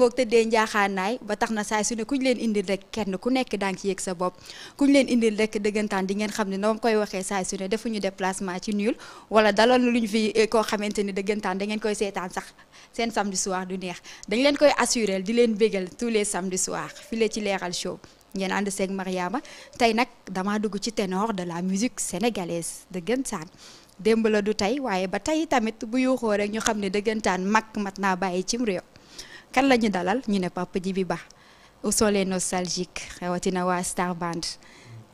ngoog tëddee njaaxaanaay ba tax na saay su ne kuñ leen indil rek kenn ku nekk daa ngi yëg sa bopp ku kuñ leen indil rek dëggantaan di ngeen xam ne na koy waxee saay su ne defuñu déplacement ci nul wala dalal ñu fi eh, koo xamante ni dëggantaan dangeen koy seetaan sax seen samedi soir du neex dañ leen koy assurel di leen bégal tous les samedi soir file ci Leral Show ngeen ànd seeg Mariama tey nag dama dugg ci ténor de la musique sénégalaise dëggantaan démb la du tey waaye ba tey tamit bu yuuxoo rek ñu xam ne dëggantaan mag mat naa bàyyi cim réew kan la ñu dalal ñu ne Papa Djiby Ba au soleil nostalgique rawatina waa Star Band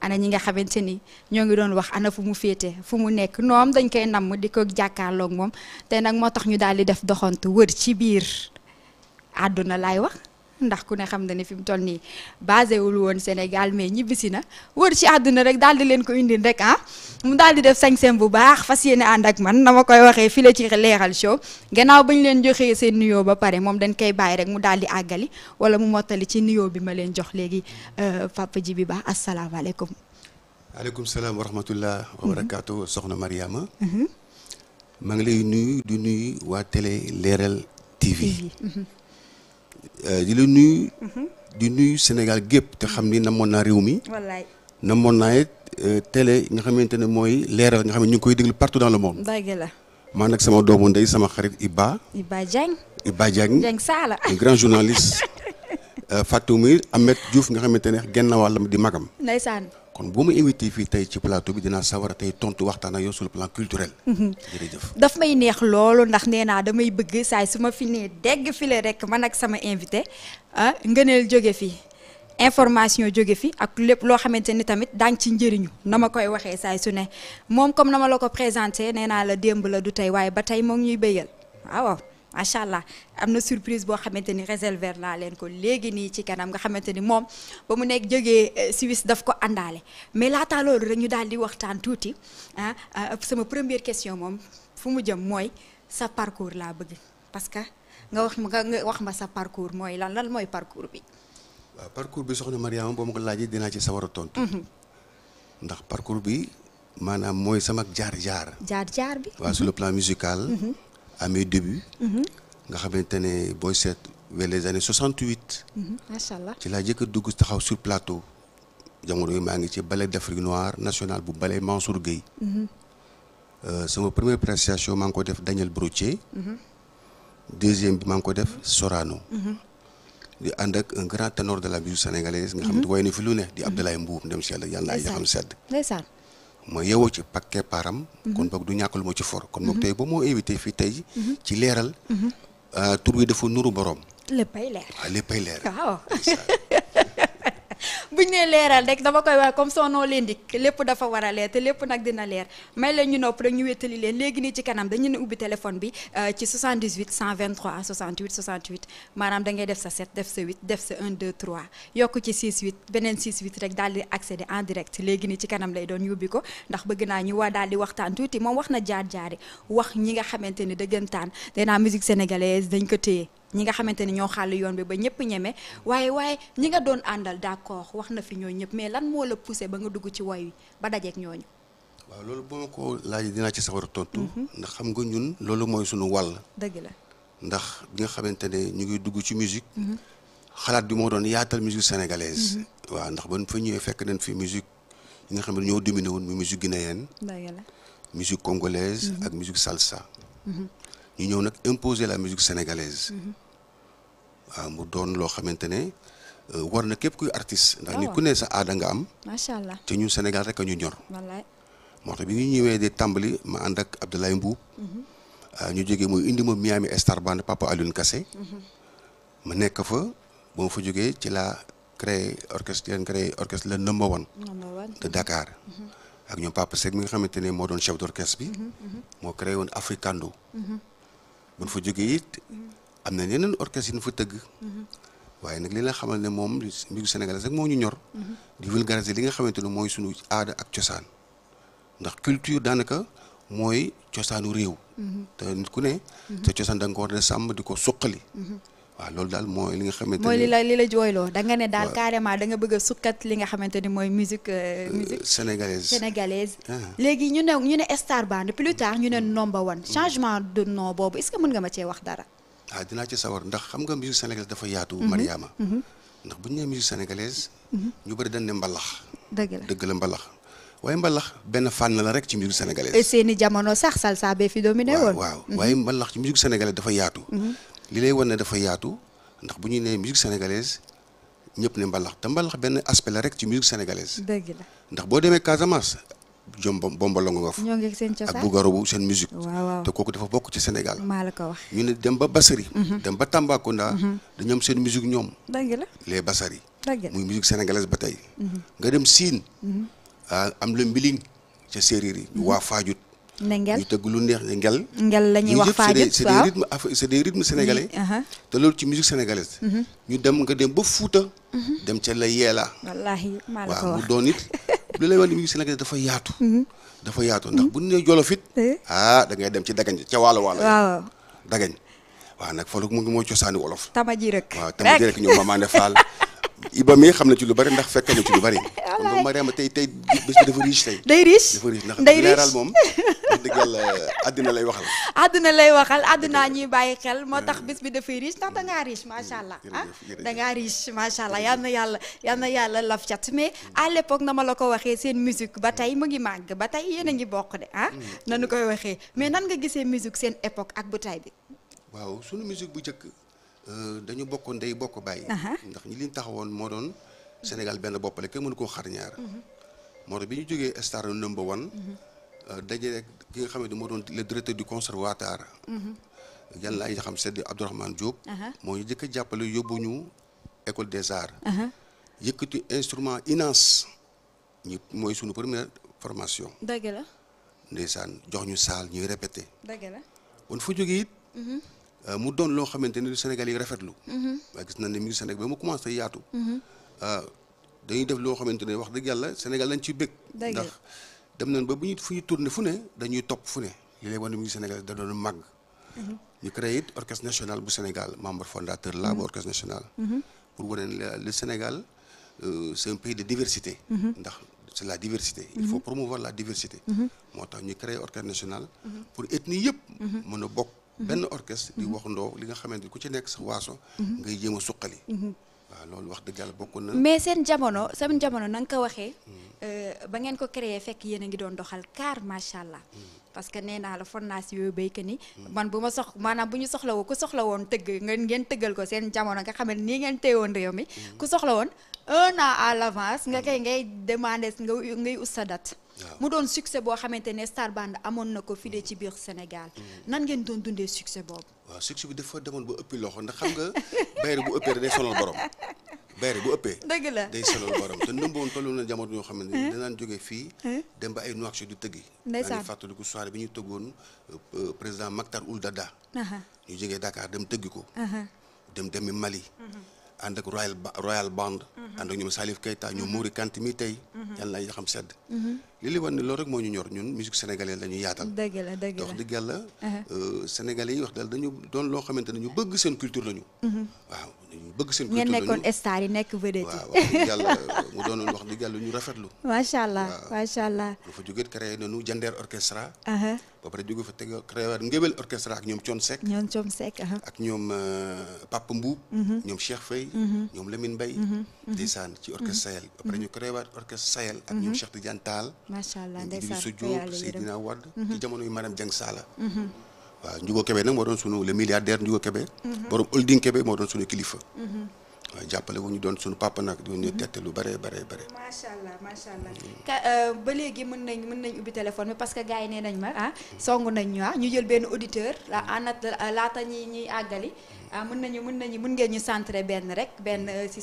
ana ñi nga xamante ni ñoo ngi doon wax ana fu mu féete fu mu nekk noom dañ koy namm di ko jàkkaarlook moom te nag moo tax ñu daal di def doxantu wër ci biir àdduna laay wax ndax ku ne xam ne fi mu toll nii basé wul woon Sénégal mais ñibbisi na wër ci àdduna rek daal di leen ko indil rek ah mu daal di def sañseem bu baax fas yéene ànd ak man na ma koy waxee fii la ci leexal show gannaaw ba ñu leen joxee seen nuyoo ba pare moom dañ koy bàyyi rek mu daal di àggali wala mu mottali ci nuyoo bi ma leen jox léegi euh, Papa Djibi Ba asalaamaaleykum. waaleykum salaam wa rahmatullah mhm. soxna Mariama. Mhm. maa ngi lay nuyu du nuyu waa télé Euh, di la nuyu. Mhm. di nuyu Sénégal gépp te xam ni namoon naa réew mi. wallaay namoon naa it euh, télé nga xamante ne mooy leeral nga xam ne ñu ngi koy déglu partout dans le monde. dëgg la man nag sama doomu ndey sama xarit Iba. Iba Diagne. Iba Diagne Diagne Sala. un grand journaliste. Euh, Fatou Mir Ahmed Diouf nga xamante ne genn wàllam di magam. kon boo ma invité fii tey ci plateau bi dinaa sawar tey tontu waxtaan ak yow sur le plan culturel. Mhm. jërëjëf may neex loolu ndax nee naa damay bëgg saay su ma fi nee dégg file rek man ak sama invité ah ngëneel jóge fii information jóge fi ak lépp loo xamante ni tamit daañu ci njëriñu na ma koy waxee saay su ne moom comme na ma la ko présenté nee naa la démb la du tey waaye ba tey moo ñuy béyal waaw. macha allah am na surprise boo xamante ni réserver naa leen ko léegi nii ci kanam nga xamante ni moom ba mu nekk jógee eh, Suisse daf ko àndaale mais laataa loolu rek ñu daal di waxtaan tuuti ah, ah sama première question moom fu mu jëm mooy sa parcours laa bëgg parce que nga wax ma nga wax ma sa parcours mooy lan lan mooy parcours bi. waaw parcours bi soxna Mariama boo ma ko laajee dinaa ci sawar a tontu. Mhm. ndax parcours bi maanaam mooy sama jaar jaar. jaar jaar bi. waaw sur le plan musical. Mhm. à mes nga xamante ne booy seet les années 68. macha allah ci laa jëkk dugg taxaw sur plateau. jamono yi maa ngi ci ballet d'Afrique noire national bu ballet Mansour Gueye. sama première prestation maa ngi ko def Daniel Brottier. deuxième bi maa ngi ko def Sorano. di ànd ak un grand ténor de la musique sénégalaise. nga xam ne woy na fi lu ne di Abdoulaye Mbour dem si yàlla naa yàlla xam sedd. ndeysaan ma yewoo ci pakke param kon boog du ñàkk lu ma ci for kon boog mhm. tey ba moo invité fii tey mhm. ci leeral mhm. euh, tur wi dafa nuru boroom léppay leer waaw ah, léppay leer buñ nee leeral rek dama koy wax comme son nom l'indique lépp dafa war a leer te lépp nag dina leer may leen ñu nopp rek ñu wéttali leen léegi nii ci kanam dañu ne ubbi téléphone bi euh, ci 78 123 68 68 maanaam da ngay def sa 7 def sa 8 def sa 1 2 3 yokk ci 68 beneen 68 rek daal di accéder en direct léegi nii ci kanam lay doon yóbbi ko ndax bëgg naa ñu waa daal di waxtaan tuuti moom wax na jaar jaari wax ñi nga xamante ni dëggantaan danaa musique sénégalaise dañ ko téye ñi nga xamante ni ñoo xàll yoon bi ba ñëpp ñeme waaye waaye ñi nga doon àndal d'accord wax na fi ñoo ñëpp mais lan moo la poussé ba nga dugg ci woy wi ba dajeek ñooñu. waaw loolu boo ma ko laajee dinaa ci sawar a tontu. Mhm. ndax xam nga ñun loolu mooy suñu wàll. dëgg la ndax bi nga xamante ne ñu ngi dugg ci musique. Mhm. xalaat bi moo doon yaatal musique sénégalaise. Mhm. waaw ndax ba fa ñëwee fekk nañ fi musique yi nga xam ñoo dominé woon muy musique guinéenne. dëgg la musique congolaise. ak musique salsa. ñu ñëw nag imposer la musique sénégalaise. waaw mu doon loo xamante ne euh, war na képp kuy artiste. ndax ah nit ku ne sa aada nga am. te ñun Sénégal rek a ñu ñor. wallaay moo tax bi ñu ñëwee di tàmbali ma ànd ak Abdoulaye Mbuub. Mm-hmm. Ah, ñu jógee muy indi ma Miami Star Band Papa Alioune Kassé. Mm-hmm. ma nekk fa ba ma fa jógee ci la créé orchestre leen le number one. de Dakar. Mm-hmm. ak ñoom Papa Seck mi nga xamante ne moo doon chef d'orchestre bi. moo créé woon Africando. buñ fa jógee it am na yeneen orchestre yi ñu fa tëgg. waaye nag li la xamal ne moom mbiru sénégalais rek moo ñu ñor. di vulgariser li nga xamante ne mooy sunu aada ak cosaan ndax culture daanaka mooy cosaanu réew. te nit ku ne. te cosaan da nga ko war a sàmm di ko suqali. waaw loolu daal mooy li nga xamante ni mooy li la li la jooyloo da nga ne daal carrément danga nga bëgg a sukkat li nga xamante ni mooy musique euh, euh, musique sénégalaise sénégalaise ah. léegi ñu ne ñu ne star band plus tard ñu ne number one mm. changement de nom boobu est mën nga ma cee wax dara ah dinaa ci sawar ndax xam nga musique sénégalaise dafa yaatu mm-hmm. Mariama mm-hmm. ndax bu ñu nee musique sénégalaise mm-hmm. ñu bëri dañ ne mbalax dëgg la dëgg la mbalax waaye mbalax benn fànn la rek ci musique sénégalaise seeni jamono sax salsa bee fi dominé waaw waaye mbalax ci musique sénégalaise dafa yaatu li lay wan dafa yaatu ndax bu ñuy nee musique sénégalaise ñëpp ne mbalax te mbalax benn aspect la rek ci musique sénégalaise. ndax boo demee Casamance. jom bombalongo nga fa. ñoo ngi seen cosaan seen musique. te kooku dafa bokk ci Sénégal. maa ñu ne dem ba Bassari. Mhm. dem ba Tambacounda. Mhm. dañu am seen musique ñoom. dëgg la les Bassari. dëgg muy musique sénégalaise ba tey. Mhm. nga dem Sine. Ah, am la mbiling ca séeréer yi. waa Fajut. ne ngel ñu tëgg lu neex ne ngel. ngel la ñuy wax faajit c'est des rythmes c'est uh-huh. te loolu ci musique sénégalaise. Mm-hmm. ñu dem nga dem ba Fuuta. Mm-hmm. dem ca la yeela. wallaahi la ko wax waaw mu doon it lu lay wax ni musique sénégalaise dafa yaatu. Mm-hmm. dafa ndax bu ñu nee eh? ah da dem ci Dagañ ca waalo waalo. waaw Dagañ. waaw nag foofu mu ngi mooy cosaani wolof. tama ji rek waaw tama ji Iba mi xam na ci lu bari ndax fekk na ci lu bari. kon donc Mariama tey tey bés bi dafa riche tey. day riche dafa riche ndax leeral moom. wax bàyyi xel moo tax ah. bés bi dafay riche ndax da ngaa riche macha allah. ah da ngaa riche macha allah yal na yàlla yal na yàlla laf cat mais à l'époque na ma la ko waxee seen musique ba tey mu ngi màgg ba tey yéen a ngi bokk de na ah. mm. nanu koy waxee mais nan nga gisee musique seen époque ak bu tey bi. waaw sunu musique bu njëkk. Euh, dañu bokk ndey bokk bàyyi. ndax ñi liñ taxawoon moo doon Sénégal benn boppale kenn mënu koo xar ñaar. Mhm. moo tax bi ñu jógee star number one. Euh, daje rek ki nga xamante moo doon le directeur du conservatoire. Mhm. yàlla ay xam sedd Abdourahmane Diop. moo ñu a jàppale yóbbu ñu école des arts. yëkkati instrument INAS ñu mooy suñu première formation. dëgg la. ndeysaan jox ñu saal ñuy répété. dëgg fu jógee it. Mhm. Euh, mu doon loo xamante ne Sénégal yi rafetlu. Mhm. waaye gis nañ ne mi ngi Sénégal ba mu commencé yaatu. Mhm. Euh, dañuy def loo xamante ne wax dëgg yàlla Sénégal lañ ciy bëgg. ndax dem nañ ba bu ñu fu ñu tourné fu ne dañuy topp fu ne li lay wan ne mi ngi Sénégal da doon màgg. Mhm. ñu créé it orchestre national bu Sénégal membre fondateur la bu orchestre national. pour wane ne le Sénégal euh, c'est pays de diversité. ndax c'est la diversité. il faut promouvoir la diversité. moo tax ñu créé orchestre national. pour ethnie yëpp. Mm-hmm. benn orchestre di wax ndoo li nga xamante ni ku ci nekk sa waaso mm-hmm. ngay jéem a suqali mm-hmm. waaw loolu wax dëgg yàlla bokkoon na mais seen jamono seen jamono na nga ko waxee mm. euh, ba ngeen ko créer fekk yéen a ngi doon doxal car macha allah. Mm. parce que nee naa la fondation yooyu béykat ni mm. man bu ma sox maanaam bu ñu soxla woo ku soxla woon tëgg ngeen ngeen tëggal ko seen jamono nga xam ne nii ngeen téye woon réew mi ku soxla woon un an à l'avance nga koy ngay demander nga ngay ut sa date mu doon succès boo xamante ne Star Band amoon na ko fii ci biir Sénégal mm. nan ngeen doon dundee succès boobu waaw succès bi dafa demoon ba ëppi loxo ndax xam nga bayre bu ëppee day sonal borom bayre bu ëppee dëgg la day sonal borom te nëmboon tollu na jamono yoo xam ne danaan jógee fii dem ba ay Nouakchott di tëggi ndeysaan fàttaliku soirée bi ñu tëggoon euh, euh, président Maktar Ould Daddah ñu jógee Dakar dem tëggi ko dem demi Mali mhm. ànd ak royal royal band. Mhm. ànd ak ñoom Salif Keita ñoom mhm. Mouri Kanté mi tey. Mhm. yàlla na yi xam sedd. li li wan ne loolu rek moo ñu ñor ñun musique sénégalaise la yaatal. dëgg la dëgg la wax dëgg yàlla. Uh-huh. Euh, sénégalais dañu doon loo xamante ne ñu bëgg seen culture la waaw ñu bëgg seen culture ngeen nekkoon star yi nekk vedette yi. waaw yàlla mu doonoon wax dëgg yàlla ñu rafetlu. macha allah macha allah. bu fa jógee créé nañu Jandeer orchestra. ba pare jóge fa teg créé waat ak ñoom Thione Seck. ñoom Thione ñoom euh, Papa Mbuub. Mhm. ñoom Cheikh Faye. Mhm. ñoom Lamine mhm. ci orchestre Sahel. ba pare ñu créé waat orchestre Sahel. ak ñoom Cheikh Tidiane Tall. macha allah ndeysaan Seydina Wade. ci jamono yu madame Dieng Sala. waaw Ndiougo Kébé nag moo doon sunu le milliardaire Ndiougo Kébé. Mhm. borom holding Kébé moo doon sunu kilifa. Mhm. waaw jàppale wu ñu doon suñu papa nag di ñu mhm. tette lu bare bare bare. macha allah macha allah euh, ba léegi mën nañ mën nañ ubbi téléphone bi parce que gars nee nañ ma ah song nañ ñu ah ñu jël benn auditeur anat laata ñi ñuy àggali ah nañu mën ngeen ñu centré benn rek benn euh, si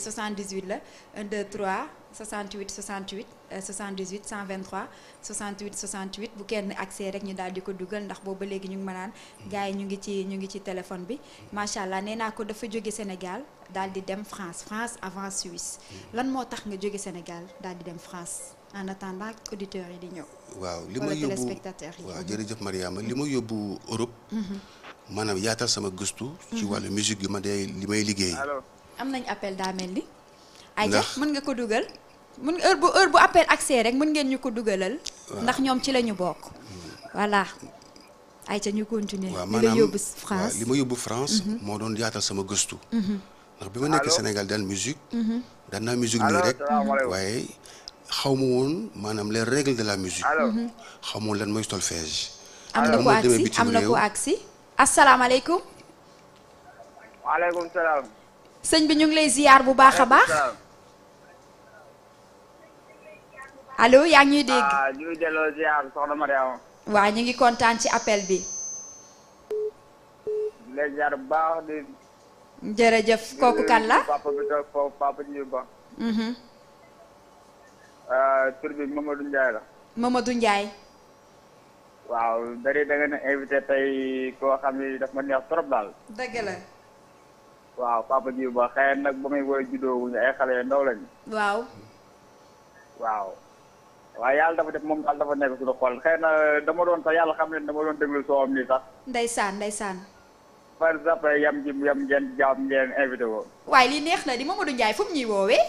la 68 68 78 123 68 68 bu kenn accès rek ñu daal di ko dugal ndax boobu ba léegi ñu ngi ma naan hmm. gars yi ñu ngi ci ñu ngi ci téléphone bi hmm. macha allah nee naa ko dafa jóge Sénégal daal di dem France France avant Suisse hmm. lan moo tax nga jóge Sénégal daal di dem France en attendant auditeurs yi di ñëw. waaw li ma yóbbu waaw jërëjëf Mariama li ma yóbbu Europe. Mhm. maanaam yaatal sama gustu ci mhm. wàllu musique bi ma dee li may liggéey. am nañ appel daa mel ni. ndax ayca mën mun heure bu heure bu appel accès rek mën ngeen ñu ko dugalal. ndax ñoom ci la ñu bokk. voilà ay ca ñu continuer. li ma yóbbu France. Mhm. moo doon yaatal sama gëstu. Mhm. ndax bi ma nekkee Sénégal daan musique. Mhm. daan naa musique nii rek waaye xaw ma woon maanaam les règles de la musique. xaw ma woon lan mooy solfège. am am na ko agsi asalaamaaleykum. waaleykum salaam. bi ñu ngi lay ziyaar bu baax a baax. allo yaa ngi ñuy dégg. ah ñu ngi delloo ziar soxna Mariama. waaw ñu ngi kontaan ci appel bi. léegi ziar bu baax di. jërëjëf kooku kan la papa bi toog foofu papa ji ba. Mm-hmm. Ah, tur bi Mamadou Ndiaye la. Mamadou Ndiaye. waaw dari da ngeen invité tey koo xam ni daf ma neex trop daal. dëgg la. waaw papa ji ba xëy nag ba muy woy juddoo wuñu ay xale yu ndaw lañu. waaw. waaw. waaye yàlla dafa def moom daal dafa nekk suñu xol xëy na dama doon sax yàlla xam ne dama doon déglu soo am nii sax. ndeysaan ndeysaan. par exemple yam ji yam ngeen jaam ngeen invité woo. waaye lii neex na di ma Ndiaye fu mu ñuy woowee.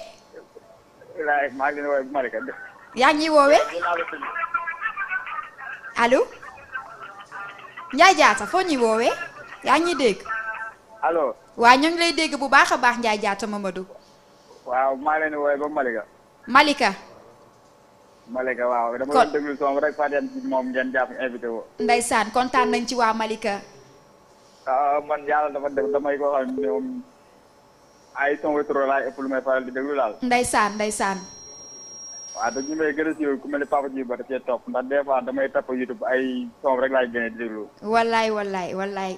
waaye maa ngi leen woowee Malika. yaa ngi ñuy woowee. allo. Ndiaye Diatta foo ñuy woowee. yaa ngi ñuy dégg. alo waa ñu ngi lay dégg bu baax a baax Ndiaye Diatta Mamadou. waaw maa leen woowee ba Malika. Malika. Malika waaw dama doon déglu son rek Fatiane ci moom ngeen jàpp invité woo. saan kontaan nañ ci waa Malika. Ah, man yàlla dafa def damay ko xam ne moom ay son wetro laay lu may faral di déglu daal. Ndeysaan Ndeysaan. waaw te ñu may gën ku mel ni papa ji ba da cee damay tapp YouTube ay son rek laay gën a déglu. wallaay wallaay wallaay.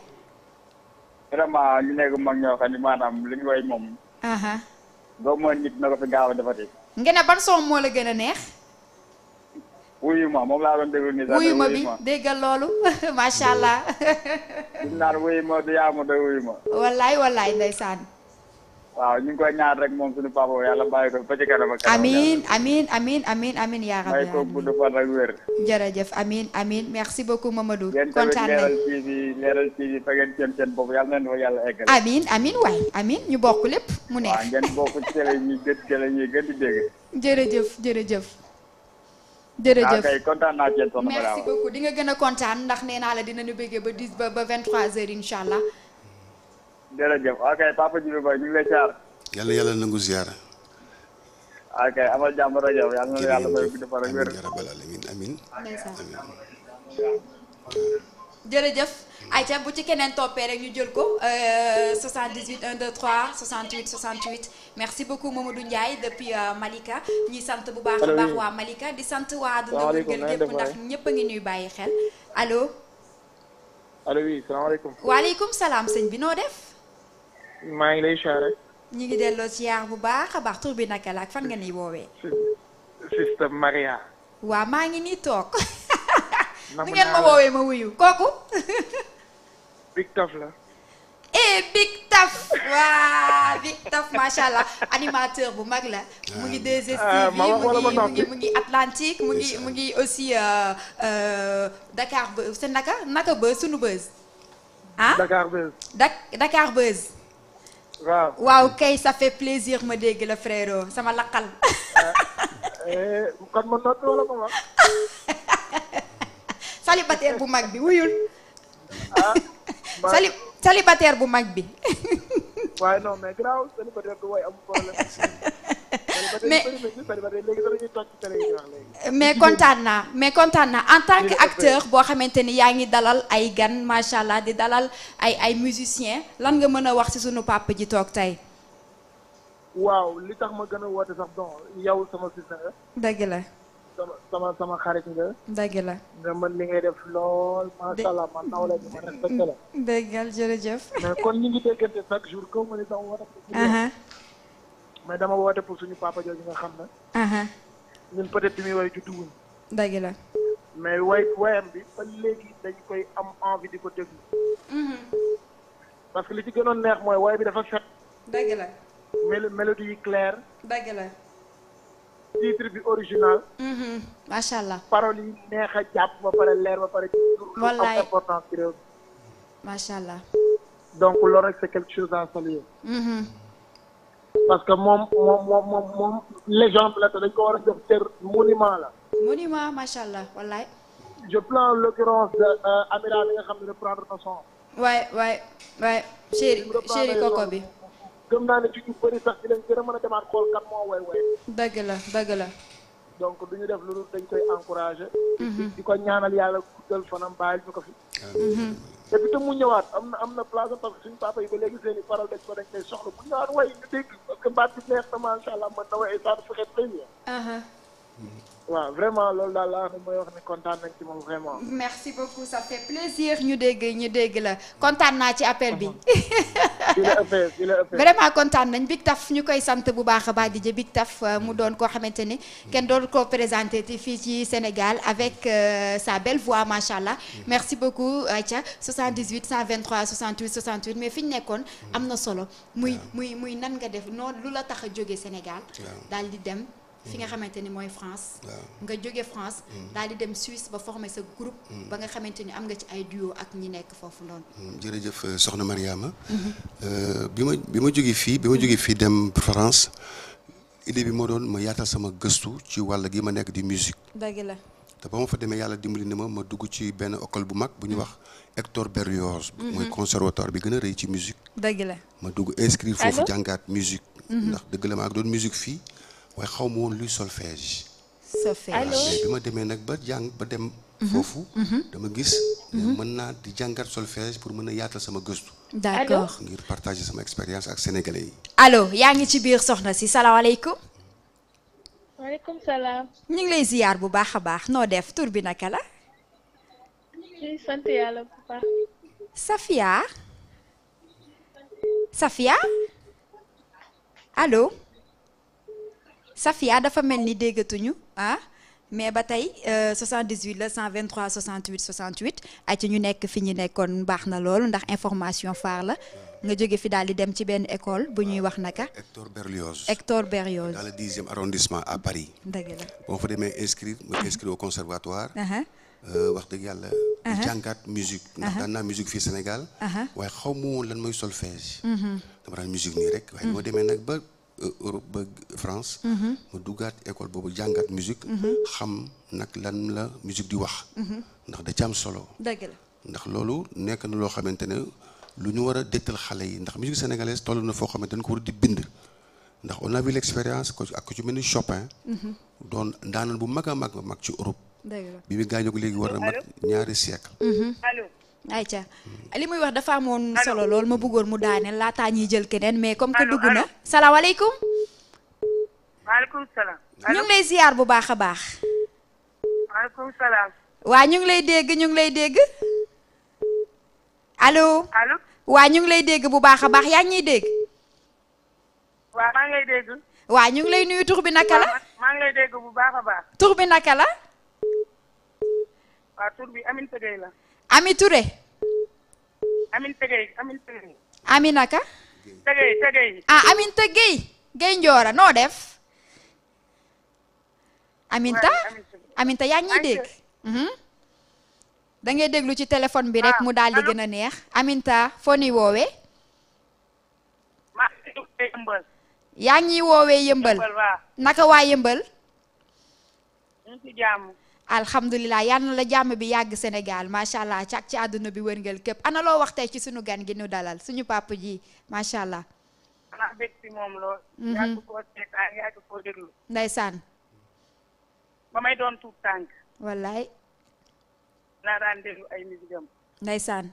vraiment nekk mag ñoo xam ne maanaam li ñu woy moom. boo mooy nit na ko fi gaaw dafa defati. nga ne ban son moo la gën a neex. wuyu ma moom laa doon déglu nii sax wuyu ma bi déggal loolu macha allah. di naan wuyu ma di yaa ma de wuyu ma. waaw ñu ngi koy ñaan rek moom suñu papa yàlla bàyyi ko ba ci kanam ak kanam. amiin amiin amiin amiin seen bopp yàlla nañu fa yàlla eggal. ñu bokk lépp mu neex. waaw bokk ci télé gën télé ñi gën di dégg. jërëjëf jërëjëf. jërëjëf ah kay kontaan naa ci soxna merci beaucoup di nga gën a kontaan ndax nee naa la dinañu bëggee ba 10 ba ba 23h incha allah. jërëjëf ok papa Djibi Boy ñu ngi lay ziar. yàlla yàlla nangu ziar. ok amal jàmm rajo yàlla na yàlla may gudd fan ak wér. amiin amiin amiin. jërëjëf. ayca bu ci keneen toppee rek ñu jël ko 78 1 2 3 68 68 merci beaucoup Mamadou Ndiaye depuis euh, Malika ñuy sant bu baax a baax waa Malika di sant waa àdduna wërngël gépp ndax ñëpp a ngi ñuy bàyyi xel alo allo oui salaamaaleykum. waaleykum salaam sëñ bi noo def. maa ngi lay siyaare. ñu ngi delloo siyaar bu baax a baax tur bi naka la ak fan nga ni woowee. sister Maria. maa ngi nii toog. nu ngeen ma woowee ma wuyu kooku. Big Taf la. eh Big Taf waaw Big animateur bu mag la. mu ngi 2STV ah, ah, mu ngi mu ngi Atlantique mu ngi mu ngi aussi euh, euh, Dakar ba sa naka naka buzz sunu buzz. ah Dakar Dakar buzz. waaw kay ça fait plaisir ma dégg la frérot sama laqal. Eh, eh, kon ma noot bu mag bi wuyul. Ah. sali célibataire bu mag bi. waaye non mais grave célibataire du mais kontaan naa mais kontaan naa en tant que acteur boo xamante ni yaa ngi dalal ay gan macha allah di dalal ay ay musiciens lan nga mën a wax ci sunu papa ji toog tey. waaw li tax ma gën a woote sax yow sama fils la. sama sama sama xarit nga. dëgg la. nga mën li ngay def lool macha allah man naw la ma respecté la. dëggal jërëjëf. mais kon ñu ngi déggante chaque jour kaw ma ni dama woote suñu. Uh-huh. mais dama woote pour suñu papa jooju nga xam na uh-huh. ñun peut être bi muy way juddu wuñ. dëgg la. mais way wayam bi ba léegi dañ koy am envie di ko déglu. Uh-huh. parce que li ci gënoon neex mooy way bi dafa set. dëgg la. mélodie yi claire. dëgg la. titre bi original. Mm-hmm. macha allah paroles yi neex a jàpp ba pare leer ba pare. wallaay importance ci réew macha allah. donc loolu rek c'est quelque chose à saluer. Mm-hmm. parce que moom moom moom moom légende la te dañ ko war a jox cër monument la. monument macha allah wallaay. je prends l'occurrence de euh, Amira bi nga xam ne reprendre na son. waay waay waay chéri chéri koko bi. gëm naa ne ci ñu bëri sax di leen a mën a demaat xool kan moo way way dëgg la dëgg la donc du ñu def lu dul dañ koy encouragé mhm. di ko ñaanal yàlla guddal fanam bàyyil ñu ko fi mhm. et puis te mu ñëwaat am na am na place parce que suñu papa yi ba léegi seen i faral dañ ko dañ koy soxla mu ñëwaat way ñu dégg parce que mbaat bi neex na macha allah mën na way saa du fexe waaw vraiment loolu daal laa mooy wax ne kontaan nañ ci moom vraiment. merci beaucoup sa fait plaisir ñu dégg ñu dégg la kontaan naa ci appel bi. vraiment kontaan nañ Big Taf ñu koy sant bu baax a baax di Big Taf euh, mu mm. doon koo xamante ni kenn doon ko présenté ti fii ci Sénégal avec euh, sa belle voix macha allah. Mm. merci beaucoup Aïcha 78 123 68 68 mais fi ñu nekkoon am na solo. muy muy muy nan nga def noonu lu la tax a jóge Sénégal. daal di dem. fi nga xamante ni mooy France. nga jóge France. Mm. daal di dem Suisse ba former sa groupe. Mm. ba nga xamante ni am nga ci ay duo ak ñi nekk foofu noonu. Mm. jërëjëf euh, soxna Mariama. Mm-hmm. Euh, bi ma bi ma jógee fii bi ma jógee fii dem France idée bi moo doon ma yaatal sama gëstu ci wàll gi ma nekk di musique. dëgg te ba ma fa demee yàlla dimbali na ma ma dugg ci benn école bu mag bu ñuy wax mm-hmm. Hector Berlioz. Mm-hmm. mooy conservatoire bi gën a rëy ci musique. dëgg la ma dugg inscrire foofu jàngaat musique. ndax dëgg la maa ngi doon musique fii. waaye xaw ma woon luy solfège. solfège ah, allo mais bi ma demee nag ba jàng ba dem. foofu. Mhm. Mhm. dama gis. Mhm. mën naa di jàngat solfège pour mën a yaatal sama gëstu. d'accord ngir partager sama expérience ak sénégalais yi. allo yaa ngi ci biir soxna si salaamaaleykum. maaleykum salaam. ñu ziyaar bu baax a baax noo def tur bi naka la. ñu sant yàlla Safia ah, dafa mel ni déggatuñu ah mais ba tey 78 euh, la 123 68 68 ay ci ñu nekk fi ñu nekkoon baax na loolu ndax information phare la nga jóge fi daal di dem ci benn école bu ñuy wax naka. Hector Berlioz Hector Berlioz. dans le dixième arrondissement à Paris. dëgg la boo fa demee inscrire ma inscrire au conservatoire. Uh-huh. Uh-huh. Euh, wax dëgg yàlla. di uh-huh. jàngaat musique. ndax daan naa musique fii Sénégal. waaye xaw ma woon lan mooy solfège. Mm-hmm. dama daan musique nii rek. waaye moo mm. demee nag Europe ba France ma mm-hmm. duggaat école boobu jàngaat musique mm-hmm. xam nag lan la musique di wax mm-hmm. ndax da ci am solo dëgg ndax loolu nekk na loo xamante ne lu ñu war a dégtal xale yi ndax musique sénégalaise toll na foo xamante dañ ko war di bind ndax on a vu l'expérience ak ku ci mel ni Chopin doon daanal bu mag a mag mag ci Europe bi mu gaañoo léegi war na mat ñaari siècle ayca li muy wax dafa amoon solo loolu ma bëggoon mu daaneel laataa ñuy jël keneen mais comme que dugg na salaamaaleykum. maaleykum salaam. ñu ngi lay ziar bu baax a baax. maaleykum salaam. waa ñu ngi lay dégg ñu ngi lay dégg. allo. allo waa ñu ngi lay dégg bu baax a baax yaa ngi ñuy dégg. waa maa ngi dégg. waa ñu ngi lay nuyu tur bi naka la. maa dégg bu baax a baax. tur bi naka la. waa bi Aminata Gueye la. Ami Touré. Aminata Gueye Aminata Gueye. Ah, Aminaka. Gueye noo def. Aminata Aminata yaa ngi dégg. Mhm. da déglu ci téléphone bi rek ah, mu daal di gën a neex Aminata foo ñuy woowee. yaa ngi woowee yëmbal. naka waa yëmbal. alhamdulilah yal na la jàmm bi yàgg Sénégal macha allah càkk ci àdduna bi wërngël képp ana loo wax tey ci suñu gan gi ñu dalal suñu papa ji macha allah. xanaa bég si moom lool. Mhm. yàgg koo ba may doon tuut tànk. wallaay. naa daan déglu ay misigam. ndeysaan.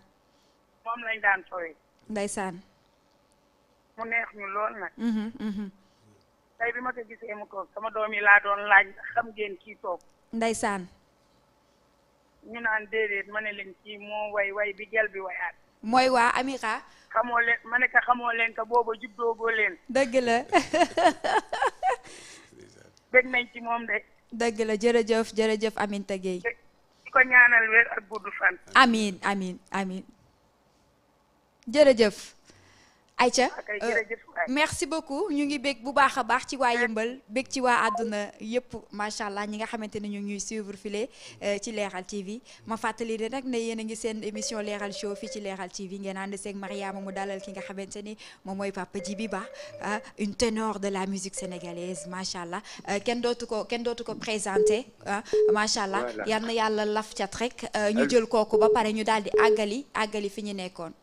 moom lañ daan tooyee. ndeysaan. mu neex ñu lool nag. Mhm, mhm. tey bi ma ko gisee mu toog sama doom yi laa doon laaj xam ngeen kii toog. ndeysaan ñu naan déedéet ma ne leen kii moo way way bi gel bi wayaat mooy waa Amira xamoo leen ma ne ko xamoo leen ko booba juddoogoo leen dëgg la dégg nañ ci moom de dëgg la jërëjëf jërëjëf Aminta Gueye di ko ñaanal wér ak gudd fan amin amin amin jërëjëf ay euh, ca merci beaucoup ñu ngi bég bu baax a baax ci waa yëmbal bég ci waa àdduna yëpp macha allah ñi nga xamante ne ñu ngi ñuy suivre file euh, ci Leral TV ma fàttali leen rek ne yéen a ngi seen émission Leral Show fii ci Leral TV ngeen ànd seeg Mariama mu dalal ki nga xamante ni moom mooy Papa Djiby Ba euh, une ténor de la musique sénégalaise macha allah kenn dootu ko kenn dootu ko présenté ah macha allah yal yàlla laf cat rek ñu jël kooku ba pare ñu daal di àggali àggali fi ñu nekkoon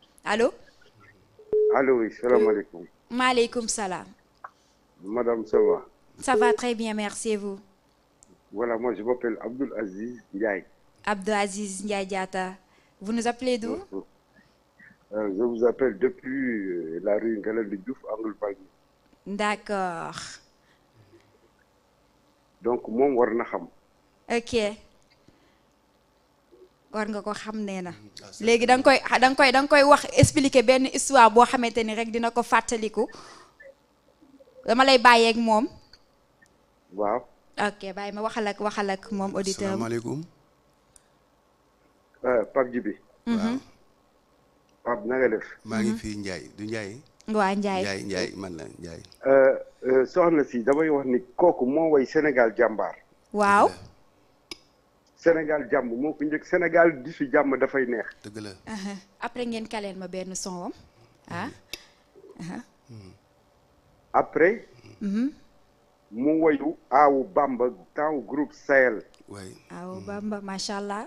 allo oui salaamaaleykum. maaleykum salaam. madame ça va. ça va très bien merci et vous. voilà moi je m'appelle Abdoul Aziz Ndiaye. Abdoul Aziz Ndiaye Diatta vous nous appelez d'où. Euh, je vous appelle depuis euh, la rue Ngalandou Diouf angle Bangi. d'accord. donc moom war na ok. war nga ko xam nee na mm-hmm. léegi da koy danga koy da koy wax expliquer benn histoire boo xamante ni rek dina ko fàttaliku dama lay bàyyeek moom waaw ok bàyyi ma waxal ak waxal ak moom auditeur salaamaaleykum euh, Pape Djibi mm-hmm. waaw Pape maa ngi mm-hmm. fi Ndiaye du Ndiaye waa Ndiaye Ndiaye Ndiaye man la Ndiaye euh, euh, soxna si damay wax ni kooku moo way Sénégal jàmbaar waaw Sénégal jàmm moo ko njëkk Sénégal di si jàmm dafay neex. dëgg la. après ngeen kaleel ma benn sonwam ah. Hmm. après. Mhm. mu woyu aawu Bamba temps groupe Sahel. aawu hmm. Bamba macha allah.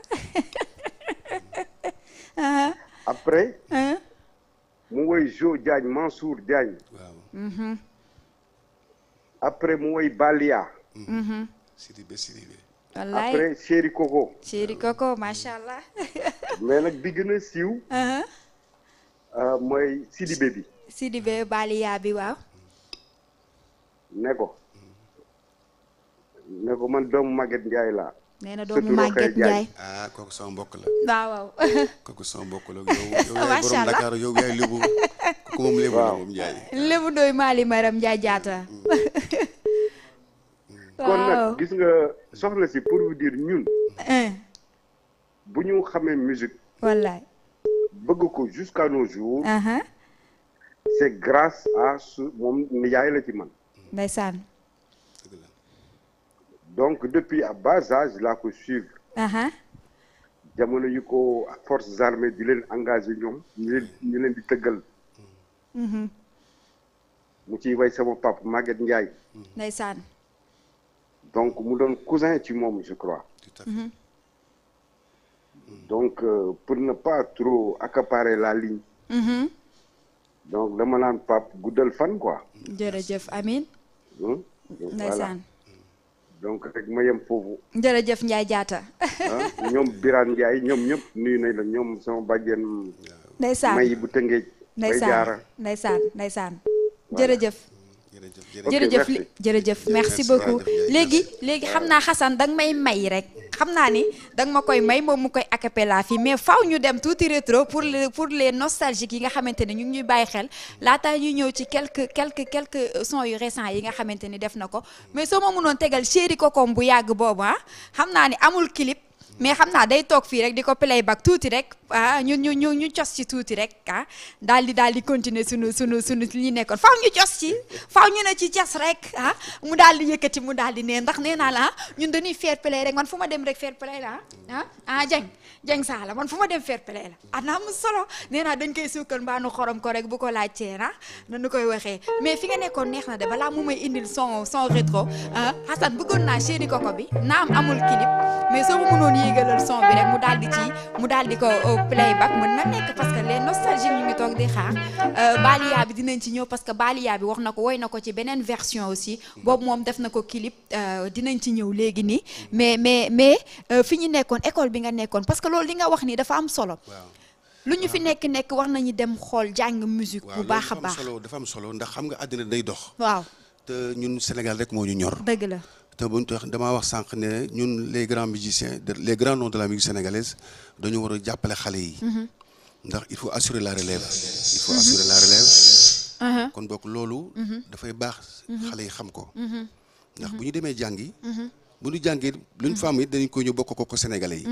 après. mu woy Jo Diagne Mansour Diagne. Mhm. après mu woy Balia. Hmm. Mhm. wallaay après chéri coco. chéri coco macha allah. mais nag bi gën a siiw. Uh-huh. Ah, mooy Sidibé bi. Sidibé Baliya bi waaw. ne ko. ne ko man doomu Maguette Ndiaye laa. nee na doomu Maguette Ndiaye ah kooku sama mbokk la. waaw waaw. kooku sama mbokk la yow. allah yow yaay borom lébu. kooku moom lébu la moom Ndiaye. lébu doy Maali Maram Ndiaye jaata. kon nag gis nga soxna si pour vous dire ñun. bu ñu xamee musique. bëgg ko jusqu'à nos jours. c'est grâce à su moom nijaay la ci man. ndeysaan. donc depuis à bas âge laa ko suivre. jamono yi ko forces armées di leen engagé ñoom ñu leen di tëggal. Mhm. mu ciy way sama papa Maguette Ndiaye. ndeysaan. donc mu doon cousin ci moom je crois. Mm-hmm. donc euh, pour ne pas trop accaparer la ligne. Mm-hmm. donc dama naan pap guddal fan quoi. jërëjëf Amine. Hmm? ndeysaan donc rek ma foofu. jërëjëf Ndiaye Diatta. Ah, ñoom Birane Ndiaye ñoom ñëpp nuyu nañ la ñoom sama bàjjen. ndeysaan may bu tëngee. ndeysaan ndeysaan ndeysaan jërëjëf. jërëjëf jërëjëf merci beaucoup léegi léegi xam naa Xasan danga may may rek xam naa ni danga ma koy may moom mu koy acapella fii mais faw ñu dem tuuti rétro pour les pour les nostalgiques yi nga xamante ne ñu ngi ñuy bàyyi xel laata ñuy ñëw ci quelque quelques quelque son yu récents yi nga xamante ni def na ko mais soo ma munoon tegal chéri kokom bu yàgg booba ah, xam naa ni amul clip mais xam naa day toog fii rek di ko playback tuuti rek ah ñu ñu ñu ñu cos ci tuuti rek ah daal di daal di continuer sunu sunu sunu li nekkoon faaw ñu cos ci faaw ñu ne ci cas rek ah mu daal di yëkkati mu daal di ne ndax nee naa la ah, ñun dañuy fair play rek man fu ma dem rek fair play la ah ah Dieng jeng saala man fu ma dem fair play la ana am solo nee naa dañ koy suukal mbaa nu xorom ko rek bu ko laajtee ah? na nu koy waxee mais fi nga nekkoon neex na de balaa mu may indil son son rétro ah naa chéri koko ko mënoon yéegalal son bi rek mu daal di ci mu daal di ko oh, playback mën na nekk parce que les nostalgiques ñu toog di xaar euh, Baliya bi dinañ ci ñëw parce Baliya bi wax na ko woy na ko ci beneen version aussi boobu moom def na ko clip euh, dinañ ci ñëw léegi nii mais mais euh, fi ñu nekkoon école bi nga nekkoon loolu li nga wax nii dafa am solo. lu ñu fi nekk nekk war nañu dem xool jàng musique bu baax a baax dafa am solo ndax xam nga àddina day dox. waaw te ñun Sénégal rek moo ñu ñor. dëgg la te buñ tax damaa wax sànq ne ñun les grands musiciens les grands noms de la musique sénégalaise dañu war a jàppale xale yi. Mm-hmm. ndax il faut assurer la relève. il faut mm-hmm. assurer la relève. Uh-huh. kon bokk loolu. Mm-hmm. dafay baax xale yi xam ko. ndax bu ñu demee jàngi. bu ñu jàngi luñ fa am ko yi.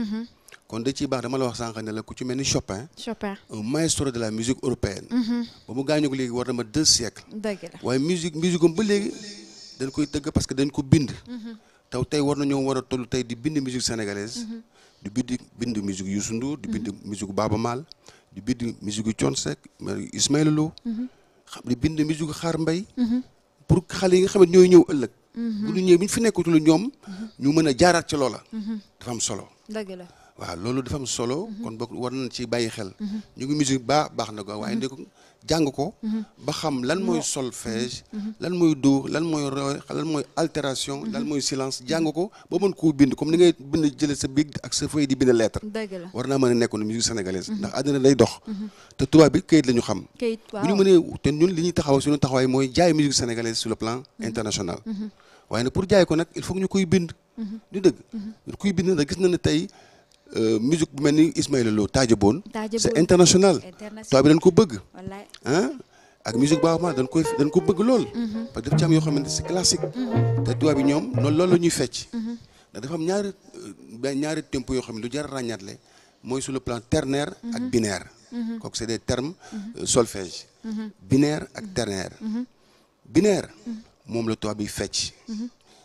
kon da ciy baax dama la wax sànq ne la ku ci mel ni Chopin. Chopin un maestro de la musique européenne. Mhm. ba mu gaañu ko léegi war na ma deux siècles. waaye musique musique ba léegi dañ koy tëgg parce que dañ ko bind. Mhm. taw tey war nañoo war a toll tey di bind musique sénégalaise. Mhm. di bind bind musique Youssou Ndour di bind musique Baaba Maal di bind musique Thione Seck Ismaël Lo. xam di bind musique Xaar Mbay. pour xale yi nga xam ne ñooy ñëw ëllëg. bu ñu ñëwee bu ñu fi nekkatul ñoom. ñu mën a jaaraat ci loola. la. waaw loolu dafa am solo. Mhm. kon boog war nañ ci bàyyi xel. Mhm. ñu ngi musique baax baax na ko waaye ndeko mhm. jàng ko. ba xam lan mooy solfège. lan mooy do lan mooy roy lan mooy altération. lan mooy silence jàng ko ba mën koo bind comme ni ngay bind jëlee sa bic ak sa feuille di bind lettre. dëgg la war naa mën a nekkoon sénégalaise. ndax àddina day dox. te tubaab bi kayit la ñu xam. kayit waaw bu ñu mënee te ñun li ñuy taxaw suñu taxawaay mooy jaay musique sénégalaise sur le plan international. waaye ko nag il faut que ñu koy bind. ne tey. Euh, musique bu mel ni Ismaïla Lo Taajaboon c'est international toi bi dañ ko bëgg ah ak musique baax ma dañ koy dañ ko bëgg lool mhm. parce que daf yoo xamante c'est classique mhm. te tubaab bi ñoom noonu loolu fecc mhm. ndax dafa euh, ñaari tempo yoo xam ne lu jar ràññaatle mooy sur le plan ternaire ak binaire kooku c'est des termes euh, solfège binaire ak ternaire binaire moom la tubaab bi fecc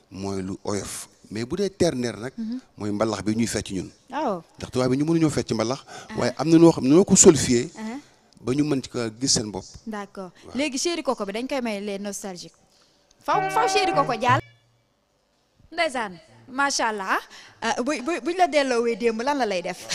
mooy lu oyof mais bu dee terneer nag. Mhm. mooy mbalax bi ñuy fecc ñun. waaw oh. ndax tubaab bi ñu mënuñoo fecc mbalax. Ah. waaye am na noo xam ne noo ko solfier. Ah. ba ñu mën ci ko gis seen bopp. d'accord léegi ko ko bi dañ koy may les nostalgiques. faw faw ko koko jàll. ndeysaan macha allah ah, buñ la delloowee démb lan la lay def.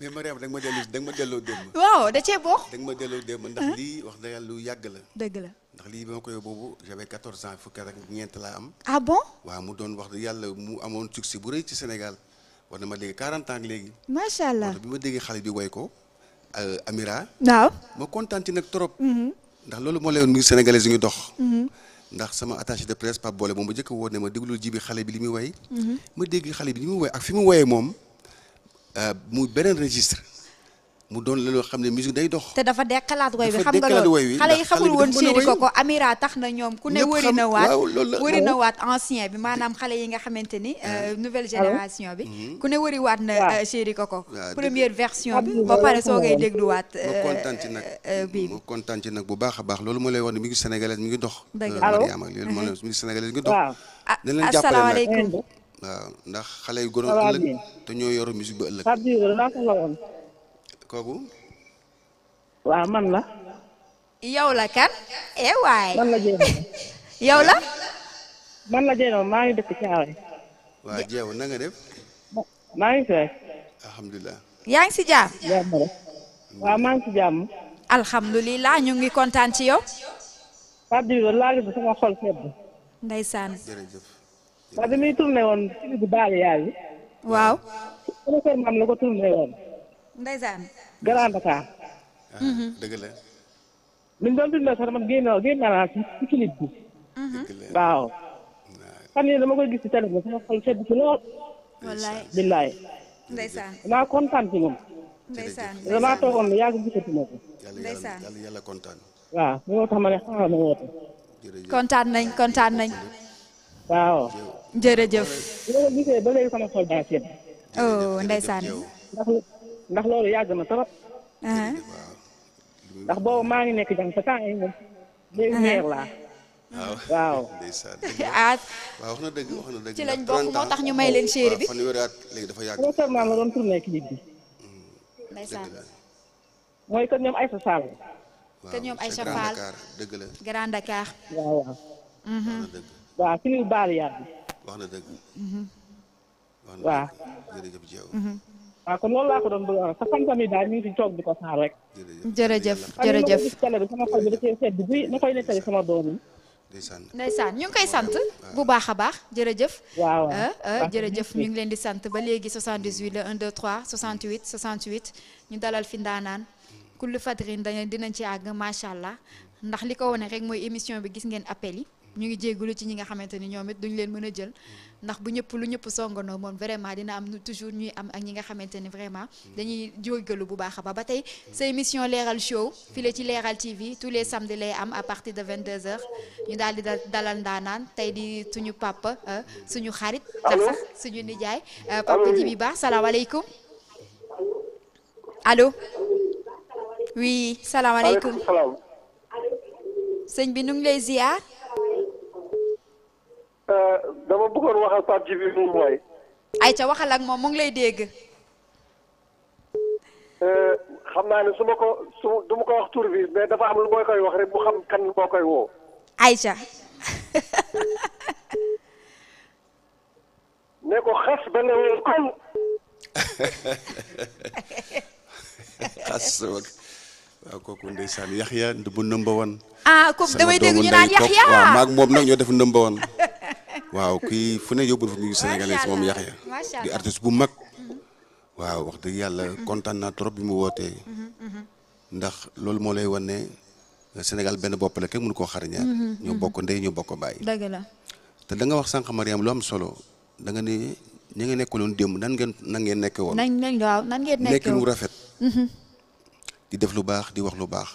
mais Mariam da nga ma dellu da nga ma delloo démb. waaw da cee bokk. ma delloo démb wax na yàlla lu yàgg la. dëgg ndax lii bi ma koy boobu j'avais 14 ans fukki ñeent laa am. Ah waaw mu doon wax yàlla mu amoon succès bu rëy ci Sénégal war na ma léegi 40 ans léegi. macha allah ma déggee xale bi woy ko. Euh, Amira. waaw ma kontaan ci nag trop. Mm-hmm. ndax loolu moo lay woon muy sénégalais yi ngi dox. Mm-hmm. ndax sama attaché de presse Pape Boole moom ma njëkk woon ne ma déglul ji bi xale bi li muy woy. Mm-hmm. ma dégg xale bi li mu woy ak fi mu woyee moom. Euh, muy beneen registre mu doon la loo xam ne musique day dox. te dafa dekkalaat woy bi xam nga loolu xale yi xamul woon séeri ko ko Amira tax na ñoom ku ne wëri na waat wëri na waat ancien bi maanaam xale yi nga xamante ni ah. euh, nouvelle ah génération bi mhm. ku ne wëri waat na séeri ko ko première version bi ba pare soo ngay dégluwaat ma euh, kontaan ci nag bi ma kontaan ci nag bu baax a baax loolu moo lay wax ne mi ngi sénégalaise mi ngi dox Mariama loolu moo mi ngi sénégalaise mi ngi dox dañ ah, leen jàppale nag asalaamaaleykum mmh. waaw ndax xale yu gën a ëllëg te ñoo yoru musique ba ëllëg. kooku. waaw man la. yow la kan. eh waay. la jéem yow la. maa ngi dëkk Thiawé. waaw jéew na def. maa ngi fi. yaa ngi si jàmm. jàmm rek. waaw maa ngi si jàmm. alhamdulilah ñu ngi kontaan ci yow. Pape Diouf waaw bi muy tourné ci bu baalu yaay bi. waaw. professeur maam la ko tourné woon. ndeysaan. Grand Dakar. Ah, mhm. dëgg la. li mu doon tourné sax man ci clip bi. Mhm. waaw. fan yii dama koy gis ci téléphone sama xol sedd ci lool. wallaay billaay. ndeysaan kontaan ci moom. ndeysaan damaa toogoon yàgg gisatu ma ko. waaw moo tax ma ne xaaral nañ kontaan nañ. waaw. jërëjëf. loolu gisee ba léegi sama oh, ndax loolu yàgg na trop. ndax boobu maa ngi nekk jàng sa temps yi moom. léegi meer laa. Ah. na dëgg wax na dëgg. ci lañ bokk ñu may leen chéri bi. dafa yàgg. sincèrement ma doon tourné clip bi. Mm. ndeysaan. mooy kër ñoom Aïssa Sall. kër ñoom Aïssa Fall. dëgg la Grand Dakar. waaw waaw. Mhm. baal yàgg. wax mm-hmm. na dëgg. waaw jërëjëf Diaw. Mm-hmm. waaw kon loolu laa ko a sa xam-xam yi daal ko jërëjëf jërëjëf xam nga sama xol bi da cee sedd bi ma doom yi. ndeysaan ñu ngi koy sant bu baax a baax jërëjëf waaw euh, euh, jërëjëf ñu ngi leen di sant ba léegi 78 la 1 2 3 68 68 ñu dalal fi ndaanaan kullu fadrin dañu dinañ ci àgg macha allah ndax li ko wane rek mooy émission bi gis ngeen appel yi ñu ngi jéegalu ci ñi nga xamante ni ñoom it duñ leen mën a jël mm-hmm. ndax bu ñëpp lu ñëpp songandoo moom vraiment dina am toujours ñuy am ak ñi nga xamante ni vraiment mm-hmm. dañuy jégalu bu baax a ba ba tey mm-hmm. sa émission leeral show file ci leeral TV tous les samedis lay am à partir de 22h ñu daal di dalal ndaanaan tey di suñu papa euh, suñu xarit. allo suñu nijaay. Euh, papa ji bi baax salaamaaleykum. allo. oui salaamaaleykum. sëñ bi nu ngi lay ziar. Euh, dama bëggoon wax ak Pape Djibril moom waaye. ayca waxal moom lay dégg. Euh, xam naa ne su ma ko su du ko wax tur bi mais dafa am lu mooy koy wax rek mu xam kan moo koy woo. ayca. ne ko xas ba ne woo kon. xas waaw kooku ndeysaan Yaxya bu number one. ah kooku damay dégg ñu naan Yaxya sama moom nag ñoo def number one. waaw kii fu ne yóbbul fa ñu sénégalais mu Yaxya di artiste bu mag mm-hmm. waaw wax dëgg yàlla mm-hmm. kontaan naa trop bi mu wootee mm-hmm. ndax loolu moo lay wan senegal benn bopp la kenn mun koo xar ñaar ñoo bokk ndey ñu bokk bàyyi te da nga wax sànq Mariam lu am solo danga nga ne ñi nga nekkaloon démb nan ngeen nan ngeen woon nan wu rafet di def lu baax di wax lu baax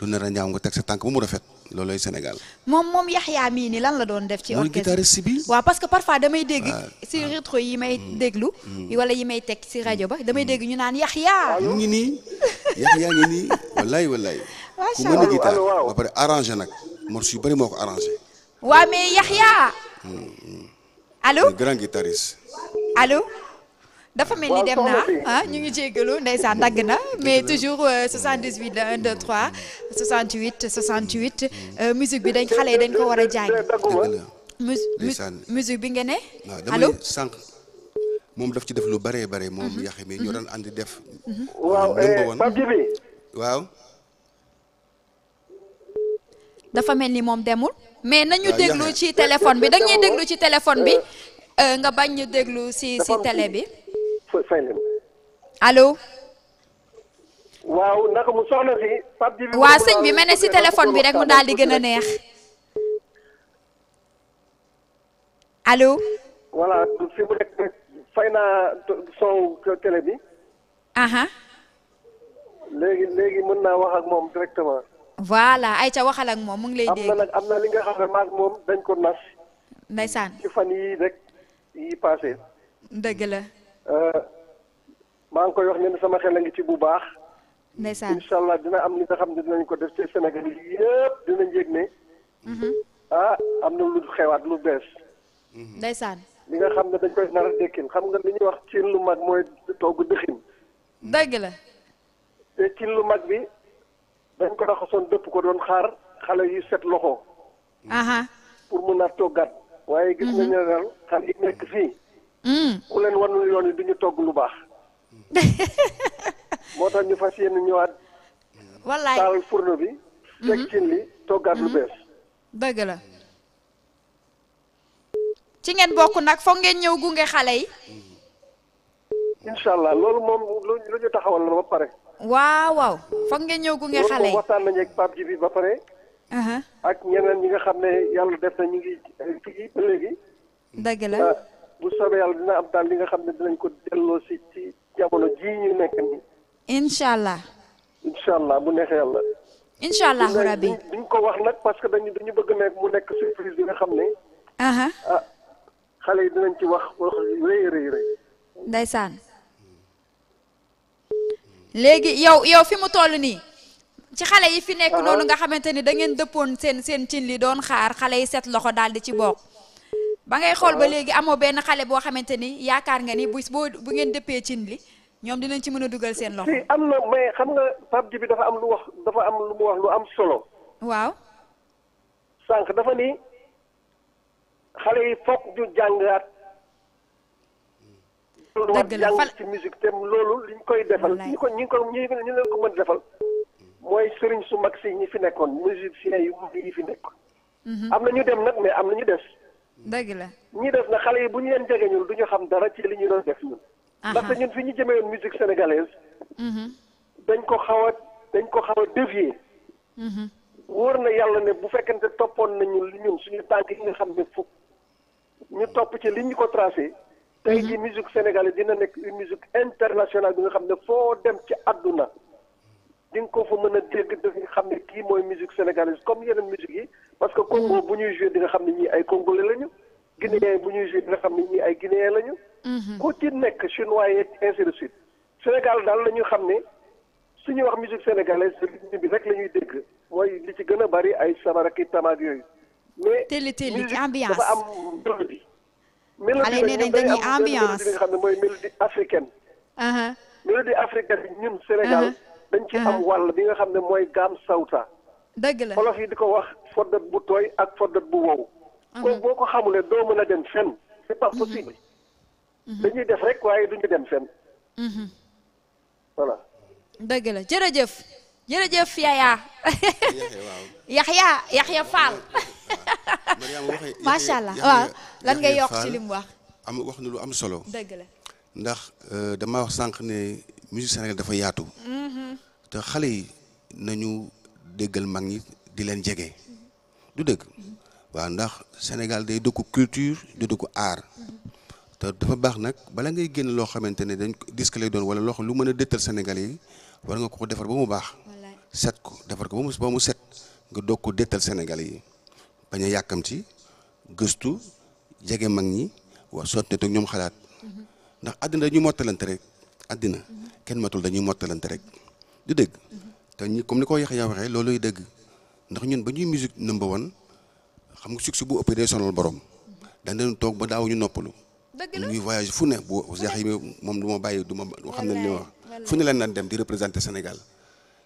lu nar a ñaaw nga teg sa tànk ba mu rafet loolooy Sénégal. moom moom Yaxya mii nii lan la doon def. ci orchestre guitariste bi waaw parce que parfois damay dégg. Ah. si ah. rétro yi may mm. déglu. Mm. wala yi may teg si rajo ba damay mm. dégg ñu naan Yaxya. mu ngi nii Yaxya ngi nii wallaay wallaay. ku mën a guitare ba pare arrangé nag morceau yu bëri moo ko arrangé. waa mais Yaxya. allo grand guitariste. allo. dafa mel ni dem naa ah ñu ngi jéggalu ndeysaan dagg na mais toujours 78 la 1 2 3 68 68 musique bi dañ xale yi dañ ko war a jàng. musique bi nga ne. allo sànq moom daf ci def lu bëree bare moom mhm. yaxe mi ñu doon àndi def. Mhm. waaw eh, Pape Djibi waaw. dafa mel ni moom demul. mais nañu déglu ci téléphone bi dañuy déglu ci téléphone bi nga bañ ñu déglu si si télé bi. Salim. allo. waaw naka mu soxna si. waa sëñ bi mel si téléphone bi rek mu daal di gën a neex. allo. voilà fay naa son télé bi. aha. léegi léegi mën naa wax ak moom directement. voilà Aïcha waxal ak moom mu lay dégg. am na nag am na li nga xam ne maag moom dañ ko nas. ndeysaan ci fan yii rek yii paase. dëgg la. Euh, maa ngi koy wax ne sama xel a ngi ci bu baax. ndeysaan incha allah dina am li nga xam ne dinañ ko def ci Sénégal yëpp dinañ yëg ne. Mhm. ah am na lu xewaat lu bees. Mhm. ndeysaan. li nga xam ne dañ koy nar a xam nga li ñuy wax cin lu mag mooy togg dëxin. Mhm. dëgg la. te cin lu mag bi dañ ko raxasoon dëpp ko doon xaar xale yu set loxo. pour mun a toggaat. waaye gis nañ ne daal xale yi nekk fii. Mm. ku leen wanul yoon yi du togg lu baax. moo tax ñu fas yéene ñëwaat. wallaay taal fourneau bi. teg mm-hmm. cin li toggaat lu mm-hmm. bees. dëgg la. ci ngeen bokk nag foog ngeen ñëw gunge xale yi. Mm-hmm. incha loolu moom lu ñu taxawal la ba pare. waaw waaw foog ngeen ñëw gunge xale yi waxtaan nañu ak Pape Djibi ba pare. Uh-huh. ak ñeneen ñi nga xam ne yàlla def na ñu ngi eh, fii ba léegi. dëgg la. Ah, bu soobee yàlla dina am daal li nga xam ne dinañ ko delloo si ci jamono jii ñu nekk nii. incha allah. incha allah bu neexee yàlla. incha allah rabi duñ ko wax nag parce que dañu dañu bëgg nekk mu nekk surprise bi nga xam ne. ah xale yi dinañ ci wax wax rëy rëy léegi yow yow fi mu toll nii. ci xale yi fi nekk noonu nga xamante ni da ngeen dëppoon seen seen cin li doon xaar xale yi set loxo daal di ci bokk. ba ngay xool ba léegi amoo benn xale boo xamante ni yaakaar nga ni bu boo bu ngeen dëppee cin li ñoom dinañ ci mën a dugal seen loxo. am na mais xam nga Pape Djibi dafa am lu wax dafa am lu mu wax lu am solo. waaw. sànq dafa ni xale yi foog ñu jàngaat. dëgg la jàng ci musique te loolu liñ koy defal. ñi ko ñu ko ñu leen ko mën defal. mooy sëriñ su mag si ñu fi nekkoon musiciens yu mag yi fi nekkoon. Mm-hmm. am na ñu dem nag mais am na ñu des. dëgg la ñi def na xale yi bu ñu leen jege ñun du ñu xam dara ci li ñu doon def ñun. ndaxte ñun fi ñu jëmee woon musique sénégalaise. Mhm. dañ ko xaw a dañ ko xaw a dévier. Mhm. wóor na yàlla ne bu fekkente toppoon nañu li ñun suñu tànk yi nga xam ne fukk ñu topp ci li ñu ko tracé. tey mhm. ji musique sénégalaise dina nekk une musique internationale bi nga xam ne foo dem ci àdduna. di nga ko fa mën a dégg daf nga xam ne kii mooy musique sénégalaise comme yeneen musique yi parce que Congo mm. bu ñuy joué di nga xam ne ñii ay congolais lañu guinéen bu ñuy joué di xam ne ñii ay guinéen lañu mm-hmm. ku ci nekk chinois yi ainsi de suite Sénégal daal la ñu xam ne su ñuy wax musique sénégalaise ligne bi rek la ñuy dégg mooy li ci gën a bari ay sabar ak i tamaak yooyu mais télé télé i dafa am mélodie mélodie nee nañ dañuy ambiance nga xam ne mooy mélodie africaine uh-huh. mélodie africaine ñun Sénégal uh-huh. dañ ci am eh. wàll bi nga xam ne mooy gaam sawta. dëgg la olof yi di ko wax foddat bu tooy ak foddat bu wow. kooku boo ko xamulee doo mën a dem fenn c'est pas mhm. possible. Mhm. dañuy def rek waaye duñu dem fenn. Mhm. voilà. dëgg la jërëjëf. jërëjëf Yaya. Yaxya Yaxya Fall. macha allah waaw lan ngay yokk ci li wax. am wax na lu am solo. dëgg la ndax euh, dama wax sànq ne. musique Sénégal dafa yaatu. Mm-hmm. te xale yi nañu déggal mag ñi di leen jege. du dëgg waaw ndax Sénégal day dëkku culture di ko aar mm-hmm. te dafa baax nag bala ngay génn loo xamante ne dañ disque lay doon wala loxo lu mën a dëttal Sénégal yi war nga ko defar ba mu baax. set ko defar ko ba mu mu set nga doog ko dëttal Sénégal yi bañ a yàkkamti gëstu jege mag ñi waa sotti toog ñoom xalaat mm-hmm. ndax àddina ñu mottalante rek àddina kenn matul dañuy mottalante rek di dëgg te ñi comme ni ko yax yaa waxee looluy dëgg ndax ñun ba ñuy musique number one xam nga succès bu ëppee day sonal borom dañ leen toog ba daaw ñu noppalu. dëgg la ñuy voyage fu ne bu yax moom du ma bàyyi du ma xam ne li wax fu ne leen daan dem di représenter Sénégal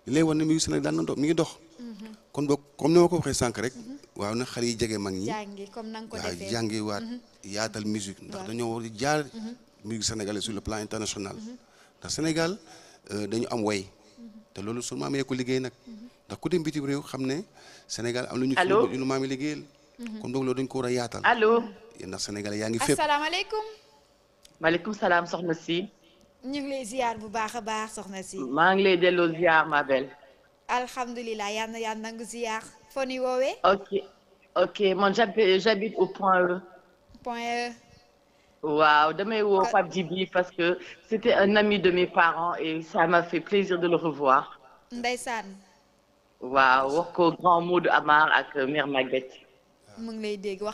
li lay wan ne musique Sénégal daan na mi ngi dox. Mhm. kon boog comme ni ma ko waxee sànq rek. Mhm. waaw na xale yi jege mag ñi. jàngi comme na ko defee waaw jàngi waat. Mhm. yaatal musique ndax dañoo war jaar. musique sénégalaise sur le plan international. ndax Sénégal euh, dañu am way te loolu sunu maam yee ko liggéey nag ndax ku dem bitim réew xam ne Sénégal am nañu. allo lu maam yi liggéeyal. kon loolu dañ ko war a yaatal. allo ndax Sénégal yaa ngi fépp. asalaamaaleykum. maaleykum salaam soxna si. ñu ngi lay ziar bu baax a baax soxna si. maa ngi lay delloo ziar ma belle. alhamdulilah yal na yal nangu ziar. foo ni woowee. ok ok man j'habite au point E. point E. waaw damay woo ah. Pape Djibi parce que c'était un ami de mes parents et ça m'a fait plaisir de le revoir. Ndeysaan. waaw wax ko grand Modou Amar ak mère Maguette. mu ngi nous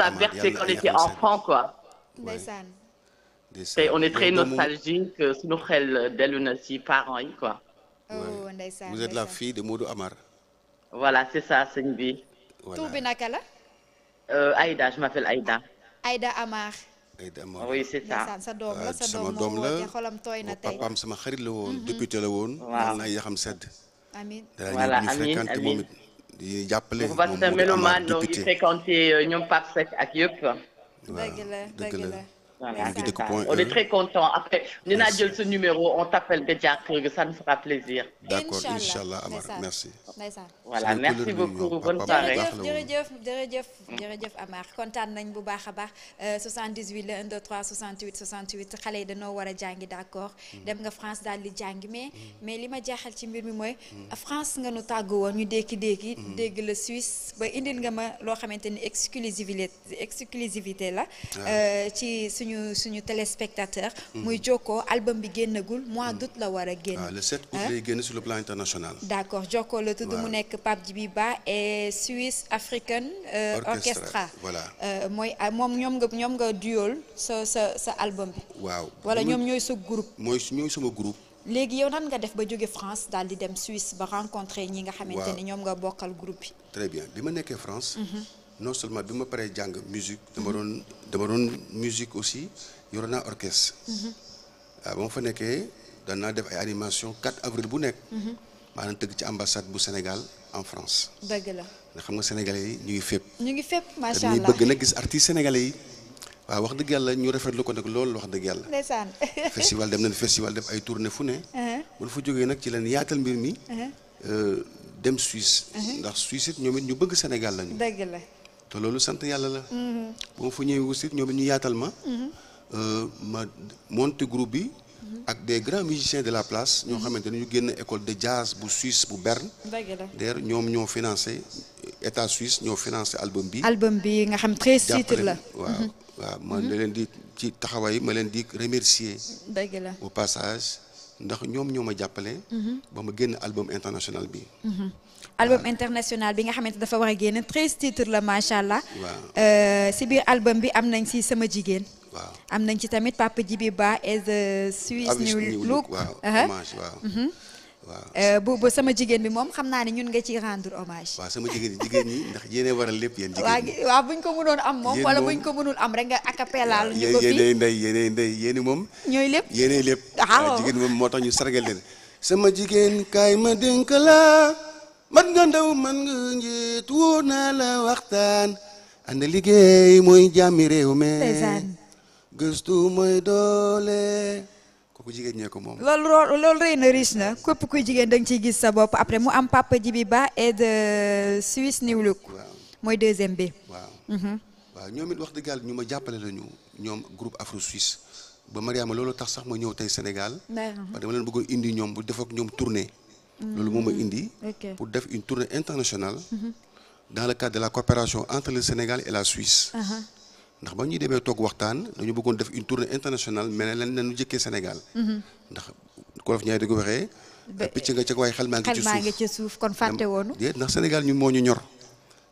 a bercé quand était enfant quoi. on est très nostalgique suñu xel dellu na ci parents yi quoi. oh la fille de Modou Amar. voilà c'est ça sëñ bi. voilà tur bi naka la. Euh, Aïda je m'appelle Aïda. Aïda Amar. doom la sa doom moo woote xolam tooy na tey papaam sama xarit la woon. Mhm. député la woon. waaw naa yaxam sedd. amiin voilà amiin amiin di jàppale moom mu député bu fas melu maa ngi fréquenté euh, ñoom Pape Seck ak yëpp. dëgg la dëgg la. voilà c' est ça on est euh, très content après ñu naa jël sa numéro on t' appelle déjà kër gi ça nous fera plaisir. d' accord incha allah Amar merci. voilà merci beaucoup bonne soirée. jërëjëf jërëjëf mm. kontaan nañ bu baax a baax 78 euh, la xale yi dañoo war a jàngi d' mm. dem nga France daal di jàngi mais mm. mais li ma jaaxal ci mbir mi mooy. France nga nu tàggu woon ñu dékki dékki. dégg la Suisse ba indil nga ma loo xamante ni exclusivité la. Ah. Euh, ci suñu. suñu suñu téléspectateur mhm. muy jokkoo album bi génnagul mois mhm. d'août la war a génn ah, le 7 août lay génn sur le plan international d'accord jokkoo la tudd mu nekk Pape Djibi Ba et Swiss African euh, Orchestra voilà euh, mooy ah, moom ñoom nga ñoom nga duyool sa sa sa album bi waaw wala ñoom ñooy sa groupe mooy su ñooy sama groupe léegi yow nan nga def ba jóge France daal di dem Suisse ba rencontrer ñi nga xamante ni ñoom nga bokkal groupe bi très bien bi ma nekkee France mhm. non seulement bi ma paree jàng musique dama doon dama doon musique aussi yoroon naa orchestre waaw mhm. ah, ba ma fa nekkee daan naa def ay animation 4 avril bu nekk mhm. maanaam tëgg ci ambassade bu Sénégal en France dëgg la nga xam nga sénégalais yi ñu ngi fépp ñu ngi bëgg na gis artistes sénégalais yi waaw wax dëgg yàlla ñu rafetlu ko nag loolu wax dëgg yàlla ndeysaan festival dem nañ festival def ay tournée fu ne uh-huh. bu fa jógee nag ci leen yaatal mbir mi uh-huh. euh, dem Suisse uh-huh. ndax Suisse it ñoom ñu bëgg Sénégal te loolu sant yàlla la. moom fu ñëwee aussi ñoom ñu yaatal ma. Euh, ma monte groupe bi. ak des grands musiciens de la place. ñoo xamante ne ñu génn école de jazz bu Suisse bu Berne. d'ailleurs ñoom ñoo financé état Suisse ñoo financé album bi. album bi nga xam treize titres la waaw mhm. waaw ma leen di ci taxawaay ma leen di remercier. dëgg passage ndax ñoom ñoo ma jàppale. Mhm. ba ma génn album international bi. Mhm. album international bi nga xamante dafa war a génn treize titres la macha allah. Euh, si biir album bi am nañ si sama jigéen. waaw am nañ ci tamit Papa Djibi Ba et the Swiss New Look waaw uh-huh. mm-hmm. euh, bu bu sama jigéen bi moom xam naa ne ñun nga ciy rendre hommage. waaw sama jigéen jigéen ñi ndax yéenay waral lépp yéen. jigéen ñi waaw buñ ko mënoon am moom. wala buñ ko mënul am rek nga acapellal. ñu ko fi yéenay ndey moom. ñooy lépp yéenay lépp. Ah, waaw jigéen moom moo tax ñu sargal leen. sama jigéen kaay ma dénk la man nga ndaw man nga njiit woo naa la waxtaan ànd liggéey mooy jàmmi réew mi gëstu mooy doole kooku jigéen ñee ko moom loolu loolu rëy na riche na képp kuy jigéen da nga ciy gis sa bopp après mu am papa Djibi Ba et de Suisse mooy deuxième bi waaw mhm. waaw ñoom it wax dëgg yàlla ñu ma jàppale la ñu ñoom groupe afro suisse ba Mariama loolu tax sax ma ñëw tey Sénégal dama leen bëggoon indi ñoom bu def ak ñoom tournée loolu moo a indi. Mm-hmm. pour def une tournée internationale. Mm-hmm. dans le cadre de la coopération entre le Sénégal et la Suisse. Uh-huh. ndax ba ñuy demee toog waxtaan dañu bëggoon def une tournée internationale mais ne leen nañu jëkkee Sénégal. Mm-hmm. ndax Kolof Ndiaye di ko waxee. picc nga ci suuf xel maa ngi ci suuf kon fàtte woonu. ndax Sénégal moo ñu ñor.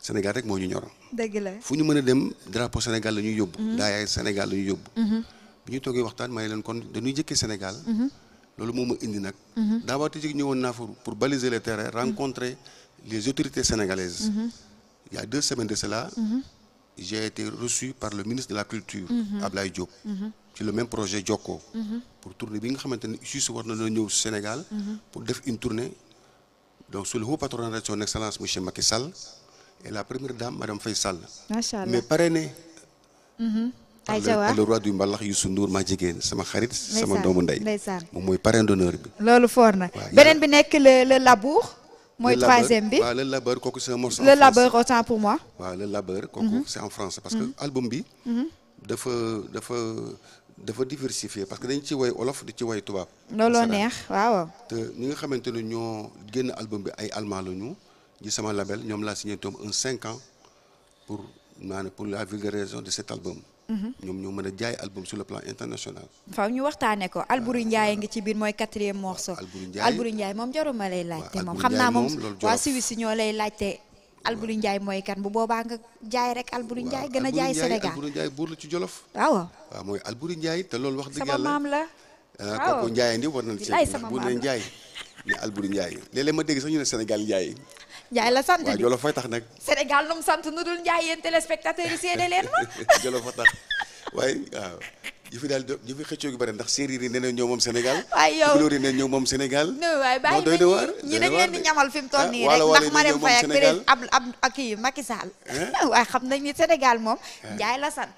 Sénégal rek moo ñu ñor. fu ñu mën a dem drapeau Sénégal la ñuy yóbbu. daayaay Sénégal la yóbbu. bu ñu toogee waxtaan may leen loolu moo ma indi nag. daawaati jig ñëwoon naa pour baliser les terrains rencontrer les autorités sénégalaises. il a deux semaines de cela. j'ai été reçu par le ministre de la culture. Ablaye Diop. ci le même projet Jokko. pour tournée bi nga xamante ne juste war na ñëw Sénégal. pour def une tournée. donc sous le haut patronage de son excellence monsieur Macky Sall et la première dame madame Faye Sall. macha allah mais parrainé. ay jawa le roi du mbalax Youssou Ndour maa jigéen sama xarit sama doomu ndey ndeysaan moom mooy parrain d'honneur bi loolu foor na beneen bi nekk le labour mooy troisième bi waaw le labeur kooku c'est un morceau le labeur autant pour moi waaw le mhm. que mhm. album bi mhm. dafa dafa dafa diversifié parce que dañ ci woy olof di ci woy tubaab looloo neex waaw te ñi nga xamante ne ñoo génn album bi ay allemand la ñu ji sama label ñoom laa signé toom un cinq ans pour naa ne pour la vulgarisation de cet album Mm-hmm. ñoom ñoo mën a jaay album sur le plan international. faaw ñu waxtaanee ko euh, Alboury Ndiaye ngi ci biir mooy quatrième morceau. Alboury Ndiaye moom jaruma lay laajte moom xam naa moom waa Suisse ñoo lay boobaa nga jaay rek Alboury Ndiaye gën a jaay Sénégal Alboury Ndiaye la ci Jolof. waaw waaw mooy Alboury Ndiaye te lool wax dëgg yàlla sama maam la. Ah, waaw kooku Ndiaye ndi war ci buur ne Ndiaye ne Alboury Ndiaye léeg-léeg ma dégg sax ñu ne Sénégal Ndiaye Ndiaye la sant di waaw Jolof fay tax nag. Sénégal nu sant nu dul Ndiaye yéen téléspectateurs yi seede leen ma. Jolof fa tax waaye waaw. Ah, ñu fi daal ñu fi xëccoo gi bëri ndax séeréer yi nee na ñoo moom Sénégal. waay yow tukulóor yi nee na ñoo moom Sénégal. waay bàyyi nañu ñi dañ leen di ñamal fi mu toll ah, nii rek ndax Marème Faye ak ab ab ak kii eh? waaye xam nañ ni Sénégal moom eh. Ndiaye la sant.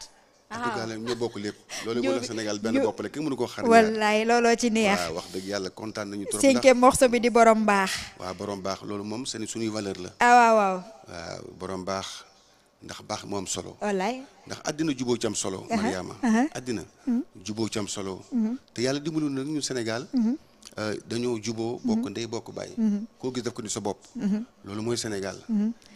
Portugal ñoo bokk lépp loolu moo tax benn bopp la kenn mënu koo xar wallaay looloo ci waaw wax dëgg yàlla kontaan nañu trop cinquième morceau bi baax waaw borom baax loolu moom seen suñuy valeur la ah waaw waaw waaw borom baax ndax baax moo am solo wallaay ndax àddina juboo ci solo uh-huh, Mariama uh-huh. àddina uh-huh. juboo ci solo te yàlla dimbalu na ñu Sénégal euh, dañoo jubo bokk ndey bokk bàyyi koo gis daf ko ni sa bopp loolu mooy Sénégal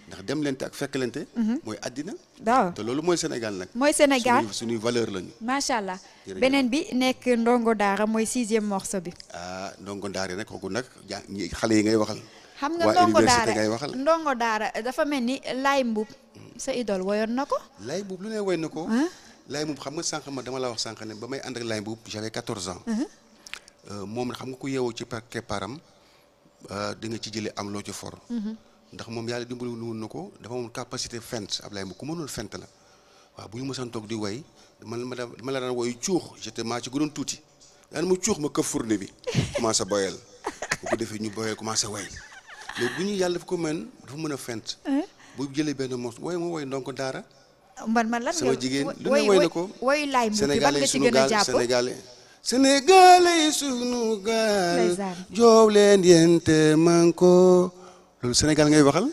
ndax dem lente ak fekklente mhm. mooy àddina waaw te loolu mooy Sénégal nag mooy Sénégal suñuy valeur lañu macha allah beneen bi nekk ndongo daara mooy sixième morceau bi ah ndongo daara kooku nag ja xale yi ngay waxal xam nga ndongo daara ngay waxal daara dafa mel ni laay mbub sa idole woyoon na ko laay mbub lu ne woy na ko ah. laay mbub xam nga sànq ma dama la wax sànq ne ba may ànd ak laay mbub j'avais quatorze ans uh-huh. euh, moom xam nga ku yeewoo ci par keppaaram euh, di ci jëlee am loo ci for uh-huh. ndax moom yàlla dimbali woon na ko dafa moom capacité fent Ablaye mu ku mënoon fent la waaw bu ñu mësaan di way man ma ma la daan woyu cuux j'étais maa ci gënoon tuuti daan ma cuux ma këf fourne bi commencé boyal bu ko defee ñu boyal commencé way mais bu ñu yàlla dafa ko mën dafa mën a fent. bu jëlee benn mos woy ma woy ndonk daara. man man lan nga sama jigéen lu ne woy na ko. woy laay mu bi ban nga ci gën a jàpp sénégalais sénégalais sunu gaal. joob leen yente man ko loolu Sénégal ngay waxal.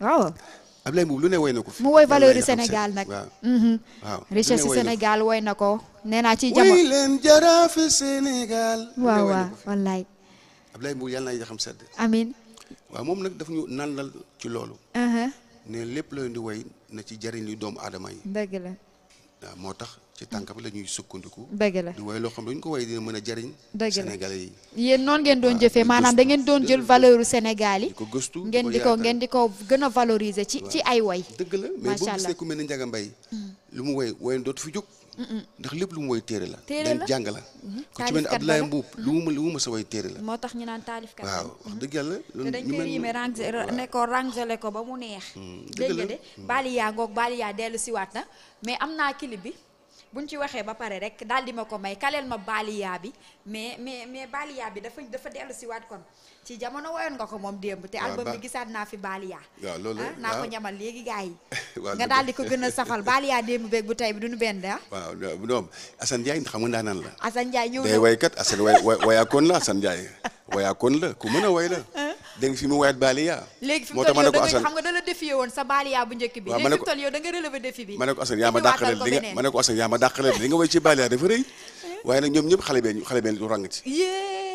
waaw. Ablaye Mbuub lu ne woy na ko fi. mu woy valeur du Sénégal nag. waaw mhm. Sénégal woy na ko. nee naa ci jamono woy Sénégal. waaw waaw wallaay. Ablaye Mbuub yàlla na yéex a sedd. amiin. waaw moom nag daf nal nanlal ci loolu. Uh-huh. ne lépp looy di woy na ci jariñ li doomu adama yi. dëgg moo tax. ci tànk bi la ñuy sukkandiku. dëgg la di way loo xam ne ko way dina mën a jariñ. dëgg la Sénégalais yi. yéen noonu ngeen doon jëfee maanaam da ngeen doon jël valeur u Sénégal yi. di ko gëstu ngeen di ko ngeen di gën a valoriser ci ci ay way. dëgg la mais boo gisee ku mel ne Ndiaga Mbaye mm. lu mu way way dootu fi jóg. ndax lépp lu mu woy téere la. téere la jàng la. Mm-hmm. ku ne Abdoulaye Mbuub mm-hmm. lu mu lu mu mës a woy la. moo tax ñu naan taalifkat waaw wax dëgg mm-hmm. yàlla. loolu dañ koy yéeme ne ko rangele ko ba mu neex. Mm, dëgg la dégg nga de mm. Baliya ngoog Baliya dellu siwaat na mais am naa clip bi bu buñ ci waxee ba pare rek daal di ma ko may kaleel ma baaliyaa bi mais mais mais baaliyaa bi dafa dafa dellu si waat kon ci jamono woyoon nga ko moom démb te ah, album bi gisaat naa fi baaliyaa waaw loolu ah, naa ko ah. ñamal léegi gars yi nga daal di ko gën a safal baaliyaa démb beeg bu tey bi duñu benn ah waaw doom Assane Ndiaye xam nga ndaanaan la Assane Ndiaye ñëw day waykat Assane way wayaakoon la Assane Ndiaye wayaakoon la ku mën a woy la dégg nga fi mu waayet baaliya léegi fi mu toll yow da nga sa baaliya bu njëkk bi léegi fi mu toll yow da nga relevé défi bi ma ne ko Assane yaa ma dàqale li nga ma ne ko Assane yaa ci baaliya dafa rëy eh? waaye nag ñoom ñëpp xale bee xale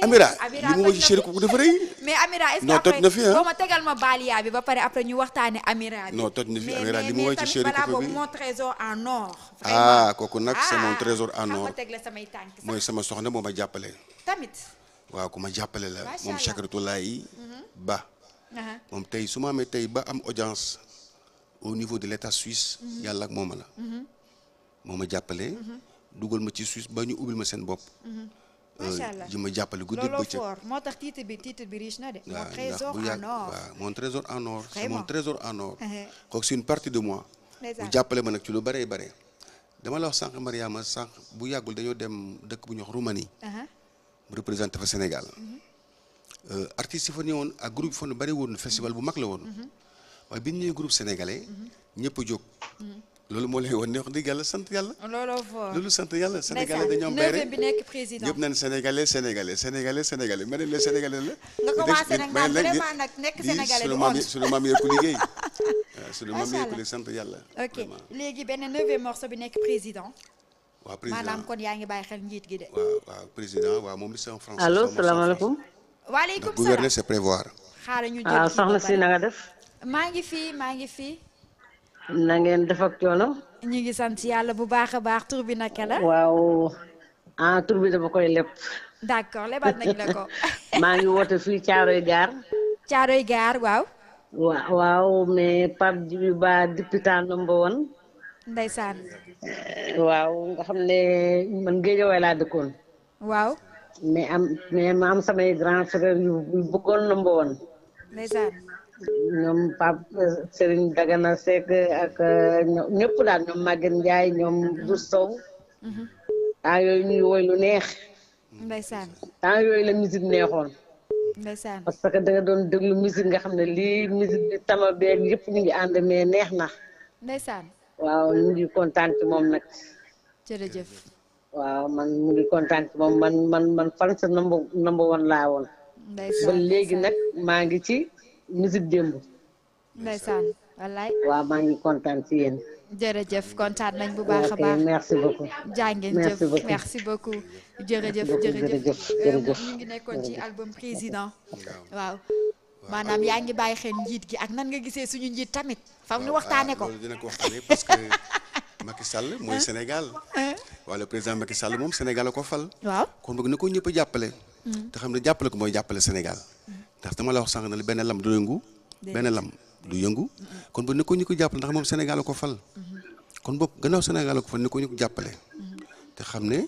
Amira li mu woy ci chéri kooku dafa rëy mais Amira est toj na fi ah. bi ba pare après ñu waxtaane Amira na fi Amira li mu woy ci chéri bi mon trésor en or ah kooku nag c'est mon ah, trésor en or mooy sama soxna moo a jàppale tamit waaw ku ma jàppale la moom Chakratulaay mm-hmm. Ba uh-huh. moom tey su ma amee tey ba am audience au niveau de l'état suisse mm-hmm. yàlla ak mooma la mm-hmm. moo ma jàppale dugal ma ci Suisse ba ñu ubbil ma seen bopp euh, macha ma jàppale guddi bëccëg moo tax titre bi titre bi riche na de. Uh-huh. partie de moi. jàppale ma nag ci lu bëree bare dama la wax sànq Mariama sànq bu yàggul dañoo dem dëkk bu ñuy wax mu représenté fa Sénégal euh, artistes yi fa ñëwoon ak groupe yi fa bari woon festival bu mag la woon waaye bi ñu ñëwee groupe sénégalais ñëpp a jóg loolu moo lay woon ne wax yàlla sant yàlla. looloo loolu sant yàlla. sénégalais dañoo am bayre bi nekk président ñëpp naan sénégalais sénégalais sénégalais sénégalais ma leen sénégalais la. nekk sénégalais du yàlla. léegi benn neuvième morceau bi nekk président. waaw président yaa ngi bàyyi xel njiit gi de. waaw waaw président waaw moom ah, si na nga maa ngi fi maa ngi fii. na ngeen def ak coono. ñu ngi sant yàlla bu baax a baax tur bi naka la. waaw ah bi dama koy leb. d'accord la ngi woote fii Caaroy Gaar. Caaroy Gaar waaw. mais Pape Djibi Ba député number one. ndeysaan. waaw nga xam ne man géejawaay laa dëkkoon. waaw. mais am mais am samay grand frère yu bëggoon numba woon. ndeysaan. ñoom Pape Serigne Dagana Seck ak euh, ñëpp daal ñoom Maguette Ndiaye ñoom Dou Sow. Mhm. temps yooyu ñuy woy lu neex. ndeysaan. temps yooyu la musique neexoon. ndeysaan parce que da doon doon déglu musique nga xam ne lii musique bi tama beeg yëpp ñu ngi ànd mais neex na. ndeysaan. waaw ñu ngi kontaan moom nag. jërëjëf. waaw man mu ngi kontaan moom man man man fan sa number number one laa woon. ba léegi nag maa ngi ci musique démb. ndeysaan wallaay. waaw maa ngi kontaan ci yéen. jërëjëf kontaan nañ bu baax a baax merci beaucoup. jàngeen jëf merci beaucoup. jërëjëf jërëjëf euh, jërëjëf ñu ngi nekkoon ci album président. waaw maanaam yaa ngi bàyyi xel njiit gi ak nan nga gisee suñu njiit tamit. faaw ñu waxtaanee ah, ko loolu dina parce que Macky Sall mooy Sénégal. waaw président Macky Sall moom Sénégal ko fal. kon boog na ko ñëpp jàppale. Mm. te xam ne jàppale ko mooy jàppale Sénégal. Mm. ndax dama la wax sànq ne lam du yëngu. benn du yëngu. kon boog na ko ñu ndax moom Sénégal ko fal. Mm-hmm. kon boog gannaaw Sénégal a ko fal na ko ñu jàppale. Mm-hmm. te xam ne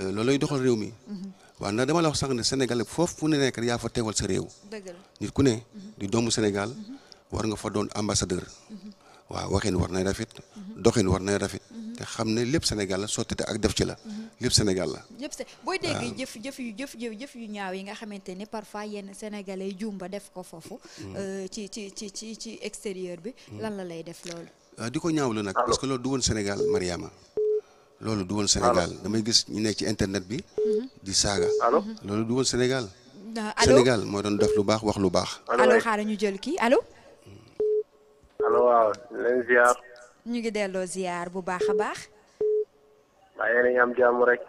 euh, loolooy doxal réew mi. Mm-hmm. waaw ndax dama la wax sànq ne Sénégal foofu fu ne nekk yaa fa teewal sa réew. nit ku ne di doomu Sénégal. war nga fa doon ambassadeur waaw waxin war nay rafet doxin war nay rafet te xam ne lépp Sénégal la sottite ak def ci la lépp Sénégal la lépp booy dégg jëf jëf yu jëf yu ñaaw yi nga xamante ni parfois yenn sénégalais jumba def ko foofu mm. euh, ci ci ci ci ci extérieur bi mm. lan la lay def loolu ah, di ko ñaawlu nag parce que loolu du woon Sénégal Mariama loolu du woon Sénégal damay gis ñu ne ci internet bi mm-hmm. di saaga loolu du woon Sénégal ah, Sénégal moo doon def lu baax wax lu baax allo xaaral ñu jël kii allo waaw leen ziar. ñu ngi delloo ziar bu baax a baax. waaye yéen a ngi am jàmm rek.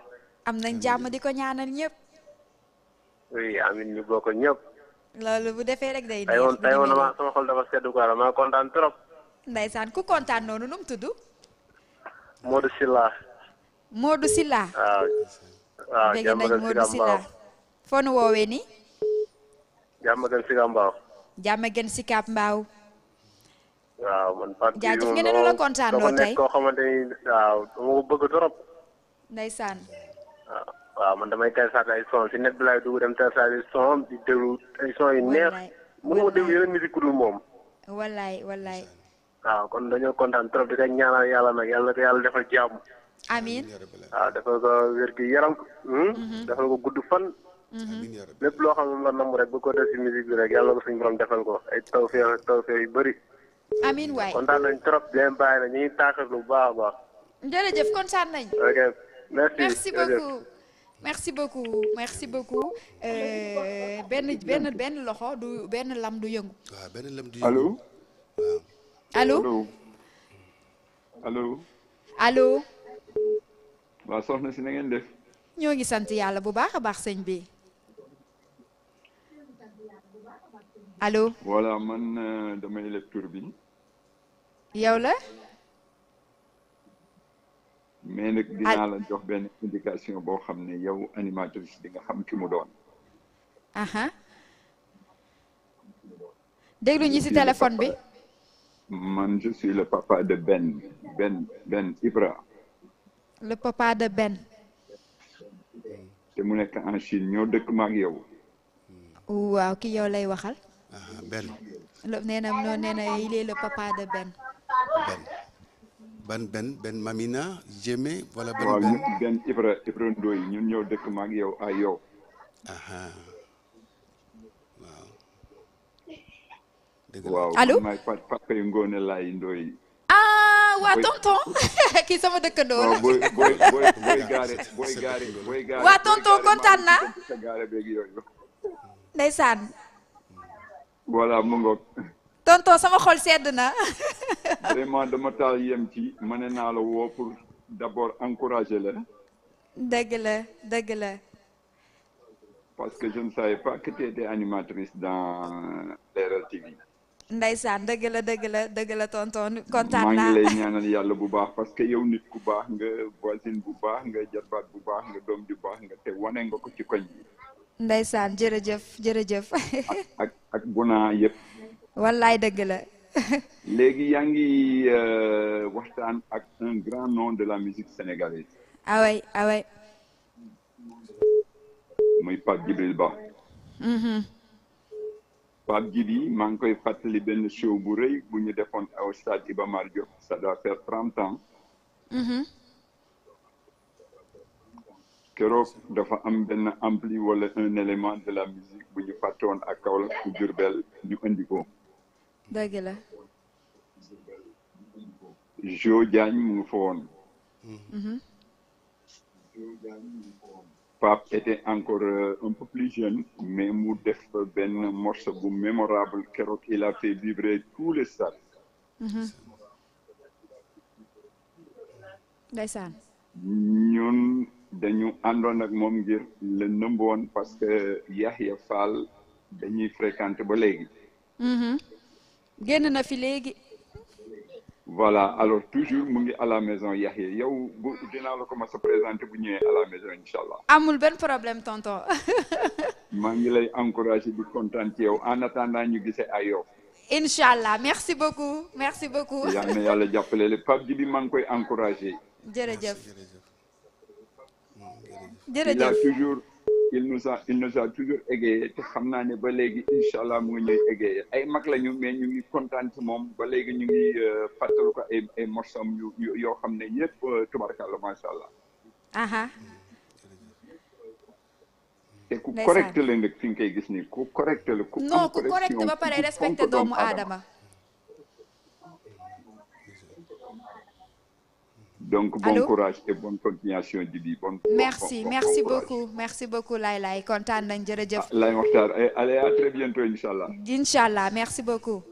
am nañ jàmm di ko ñaanal ñëpp. oui amin ñu bokk ñëpp. loolu bu defee rek day. neex tey woon na sama xol dafa sedd quoi dama kontaan trop. ndaysaan ku kontaan noonu nu mu tudd. Modou Sylla. Modou Sylla. waaw waaw jàmm gën Modou Sylla. jàmm gën gën Sicap Mbao. waaw man Fatou jaajëf ngeen ne la kontaan loo tey koo xamante ni waaw dama ko bëgg trop. ndeysaan. waaw man damay teesaat ay son si net bi laay dugg dem teesaat ay son di déglu ay son yu neex. mu mënu ma déglu yeneen musique ku moom. wallaay wallaay. waaw kon dañoo kontaan trop di ko ñaanal yàlla nag yàlla ko yàlla defal jàmm. amiin waaw defal ko wér gi yaram. Hmm? Mhm. defal ko gudd fan. Mhm. lépp loo xam ne moom rek bu ko def si musique bi rek yàlla ko suñu borom defal ko ay tawféex ak tawféex yu bëri. amiin waay kontaan nañ trop leen bàyyi na ñu ngi taaxir lu baax a baax. jërëjëf kontaan nañ. merci merci merci beaucoup merci euh, benn loxo du benn lam du yëngu. waaw benn lam du yëngu allo. allo allo. allo. waaw soxna si nangeen ngeen def. ñoo ngi sant yàlla bu baax a baax sëñ bi. allo. voilà man euh, damay lecture bi. yow la. mais nag dinaa ah. la jox benn indication boo xam ne yow animatrice di nga xam ci mu doon. aha déglu ci téléphone bi. man je suis papa de Ben Ben Ben Ibra. le papa de Ben. te mu nekk en Chine ñoo dëkk ma ak waaw ki yow lay waxal. Ben. nee na non nee na papa de Ben. benn ban benn benn Mamina Jémé wala. benn benn waaw benn Ibra Ndoy ñun ñëw dëkk ma yow ay yow. waaw. dëgg la waaw allo maay papa yi Ngoone laay Ndoy. Ah, waa tonton kii sama dëkkandoo la. booy booy booy gaare booy gaare waa tonton kontaan naa. ndeysaan. voilà mu tonton sama xol sedd na. vraiment dama taal yem ci ma ne naa la woo pour d'abord encourager la. dëgg la dëgg la. parce que je ne savais pas que tu étais animatrice dans Leral TV. Ndeysaan dëgg dëgg la dëgg la tonton kontaan naa maa ngi lay ñaanal yàlla bu baax parce que yow nit ku baax nga voisine bu baax nga jarbaat bu baax nga doom ju baax nga te wane nga ko ci koñ bi. Ndeysaan jërëjëf jërëjëf. ak ak bu naa yëpp. wallaay dëgg la. léegi yaa ngi euh, waxtaan ak un grand nom de la musique sénégalaise. ah oui ah oui. muy Pape Djibril Ba. Mm-hmm. Pape Djibi maa ngi koy fàttali benn show bu rëy bu ñu defoon au stade Iba Mar Diop ça doit faire trente mm-hmm. dafa am benn empli wala un élément de la musique bu ñu fàttewoon ak Kaolack Diourbel ñu indikoo dëgg la. Jo mu ngi fa woon. Mhm. était encore euh, un peu plus jeune mais mu def benn morceau bu mémorable keroog il a fait tous les stades. Mhm. ndeysaan. ñun dañu àndoon ak moom ngir le nëmboon parce que Yahya Fall dañuy fréquenter ba léegi. Mhm. génn na fi léegi. voilà alors toujours mu ngi à la maison Yaxya yow bu dinaa la commencé présenter bu ñëwee à la maison incha allah. amul benn problème tonton. maa ngi lay encourage di kontaan ci yow en attendant ñu gisee ay yow. incha allah merci beaucoup merci beaucoup. yal na yàlla jàppale le Pape bi maa ngi koy encouragé. jërëjëf jërëjëf. il nous a il nous a toujours égayé te xam naa ne ba léegi incha allah mu ngi ñuy ay mag la ñu mais ñu ngi kontaan moom ba léegi ñu ngi euh, fàttali ko ay morsom yu yoo xam ne yëpp euh, tubarkalla macha allah. te ku correct la nag fi nga koy gis nii ku correct la. ku correct ba pare respecté doomu aadama. Donc, bon Allô? courage et bonne continuation Djiby bon, merci merci beaucoup merci beaucoup Laye Laye kontaan nañ jërëjëf. Ah, Laye Mokhtar eh, allez à très bientôt incha allah. incha allah merci beaucoup.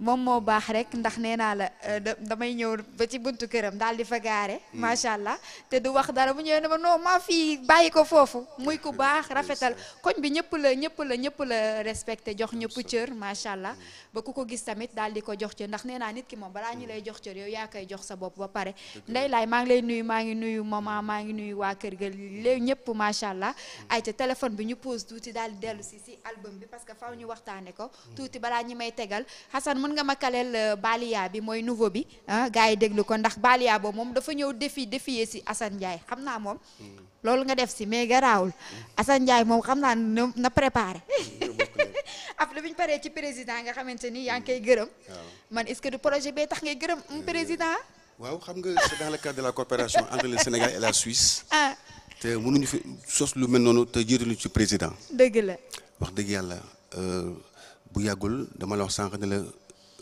moom moo baax rek ndax nee naa la euh, damay ñëw ba ci buntu këram daal di fa gaare hmm. macha allah te du wax dara mu ñëwee ne ma non maa fii bàyyi ko foofu muy ku baax rafetal koñ bi ñëpp la ñëpp la ñëpp la respecté jox ñëpp cër macha allah hmm. ba ku ko gis tamit daal di ko jox ndax nee naa nit ki moom balaa ñu hmm. lay jox cër yow yaa koy jox sa bopp ba pare ndey laay maa ngi lay nuyu maa ngi nuyu maman maa ngi nuyu waa kër ga léegi ñëpp macha allah ay te bi ñu pose tuuti daal di dellu si si album bi parce que faw ñu waxtaane ko tuuti balaa ñi may tegal Hassan mën nga ma kaleel euh, Balia bi mooy nouveau bi ah gars yi déglu ko ndax Balia boobu moom dafa ñëw défi défier si Assane Ndiaye xam naa moom. Hmm. loolu nga def si mais garaawul hmm. Assane Ndiaye moom xam naa na na préparé. Hmm, af la bi ñu paree ci président nga xamante ni yaa ngi koy gërëm. man est-ce que du tax ngay gërëm président. waaw xam nga c'est dans la coopération entre le Sénégal et la Suisse. ah te mënuñu fi sos lu mel noonu te jiitaluñu ci président. dëgg la. wax dëgg yàlla euh, bu yàggul dama la wax sànq ne la.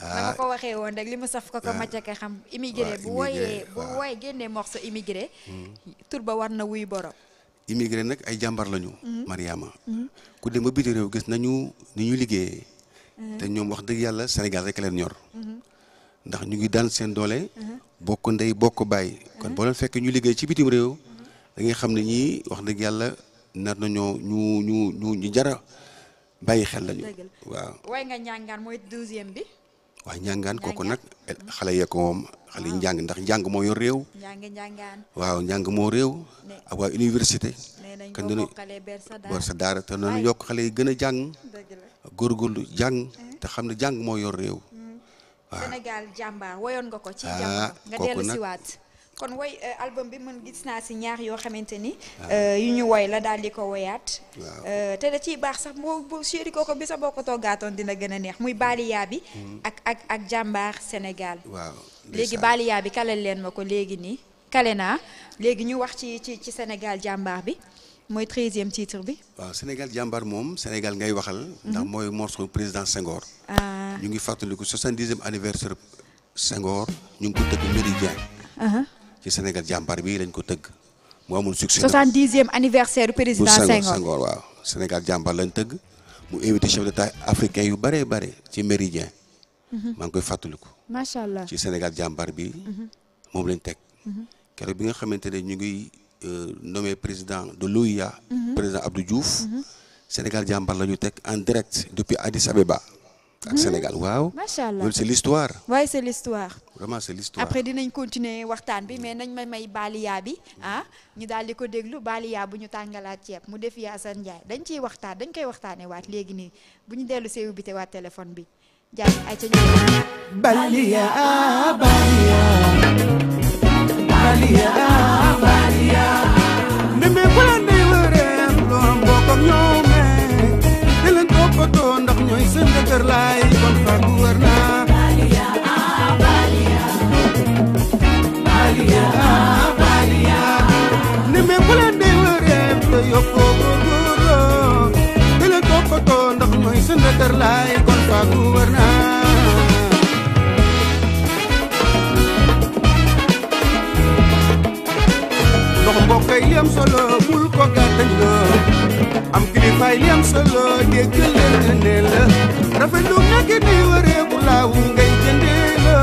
na ma ko waxee woon rek li ma saf ko ko ah. macca ka xam immigré bu wooyee bu wooyee génnee morceau hmm. tur ba war na wuy borom immigré nag ay jàmbar lañu hmm. Mariama hmm. ku dem ba biti réew gis nañu ni ñu liggéeyee te ñoom wax dëgg yàlla Sénégal rekk leen ñor ndax ñu ngi daan seen doole bokk ndey bokk bàyyi kon boo leen fekkee ñu liggéey ci bitim réew da xam ne ñi wax dëgg yàlla nar nañoo ñu ñu ñu ñu jara bàyyi xel lañu waaw waaye nga ñàngaan mooy douzième bi waaye njàngaan kooku nag xale yee ko moom xale yi ndax njàng moo yor réew waaw njàng moo réew ak waa université kan dina war yokk xale yi gën a jàng góorgóorlu jàng eh. te xam ne jàng moo yor réew mm. waaw Sénégal jàmbaar woyoon kon woy euh, album bi mën gis naa si ñaar yoo xamante ni. Ah. Euh, yu ñu woy la daal di ko woyaat. Euh, te da ciy baax sax boo séeri ko bi sax boo ko toggaatoon dina gën a neex muy Baaliyaa bi. Hmm. ak ak ak jàmbaar Sénégal. waaw léegi bi kalal leen ma ko léegi nii kale naa léegi ñu wax ci ci ci Sénégal jàmbaar bi. mooy treizième titre bi. waaw Sénégal jàmbaar moom Sénégal ngay waxal. Hmm. ndax mooy morceau président Senghor. Ah. ñu ngi fàttaliku soixante-dixième anniversaire Senghor ñu ngi ko tëgg Méridien. ci Sénégal jàmbaar bii lañ ko tëgg mu amul succès. 70e anniversaire président Senghor Senghor waaw Sénégal jàmbaar lañ tëgg mu invité chef d'état africain yu bëree bëri ci méridien. Mhm. maa ngi koy fàttaliku. macha ci Sénégal jàmbaar bi mhm. moom lañ teg. Mhm. keroog bi nga xamante ne ñu ngi euh, nommé président de l'OUA. président Abdou Diouf. Sénégal jàmbaar la ñu teg en direct depuis Addis Abeba. ak Sénégal waaw. macha allah loolu c'est l'histoire. waaye c'est l'histoire. vraiment c'est l'histoire. après dinañ continuer waxtaan bi mais nañ ma may baaliyaa bi ah ñu daal di ko déglu baaliyaa bu ñu tàngalaat ceeb mu def Yaasan Ndiaye dañ ciy waxtaan dañ koy waxtaanee waat léegi nii bu ñu dellu see ubbite waat téléphone bi jaay ay ca ñu. baaliyaa baaliyaa. baaliyaa baaliyaa. sama kër laay bon fa wër naa baliya ah baliya baliya ah baliya ne me bu leen di wëreem te yokkoo góorgóorloo te leen toppatoo ndax ñooy sama kër laay bon fa wër naa am mbokk yi li am solo mul ko gàttañ am kilifaay solo déggal leen te nee la rafetlu nekk ni waree bu laawu ngay jëndee la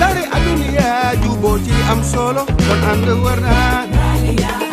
dara adduna juboo ci am solo kon ànd war naa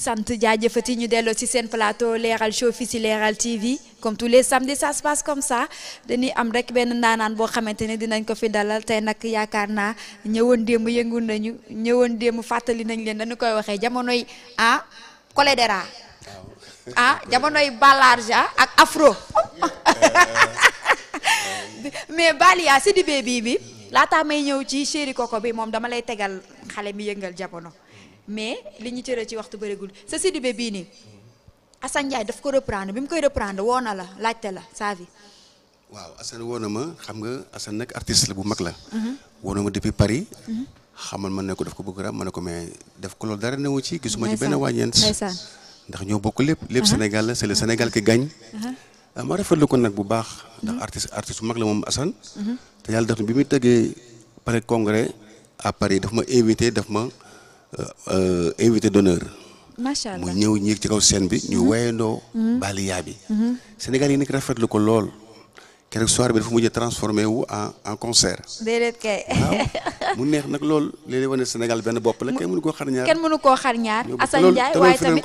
sant jaajëfati ñu delloo ci seen plateau leeral show fii ci leeral TV comme tous les samedis ça se passe comme ça dañuy am rek benn ndaanaan boo xamante ne dinañ ko fi dalal tey nag yaakaar naa ñëwoon démb yëngu nañu ñëwoon démb fàttali nañ leen dañu koy waxee jamonoy ah choléra ah jamonoy balarja ah, ak afro mais Balia ah, Sidibé bii bi laataa may ñëw ci chéri koko bi moom dama lay tegal xale mi yëngal jamono. mais li ñu cëre ci waxtu bëregul sa bi bii nii Assane Ndiaye daf ko reprendre bi mu koy reprendre woo na la laajte la saavi waaw Assane woo na ma xam nga Assane nag artiste la bu mag la mhm. woo na ma depuis Paris mhm. xamal ma ne ko daf ko bëgg rab ma ne ko mais def ko loolu dara newu ci gisuma ci benn wàññeent ndax ñoo bokk lépp lépp uh-huh. Sénégal la c'est le uh-huh. euh, bu baax ndax uh-huh. artiste artiste bu mag la moom Assane te yàlla def na bi muy tëggee pare congrès à Paris daf ma invité daf ma Euh, euh, invité d'honneur. macha allah mu ñëw ñiig ci kaw scène bi. ñu mhm. wayandoo. Mhm. Baliya bi. Mhm. Sénégal yi nekk rafetlu ko lool. keroog soir bi dafa mujj transformé wu en en concert. déedéet kay. mu neex nag lool léeg-léeg wane Sénégal benn bopp la. kenn mënu koo xar kenn mënu koo xar ñaar. waaye tamit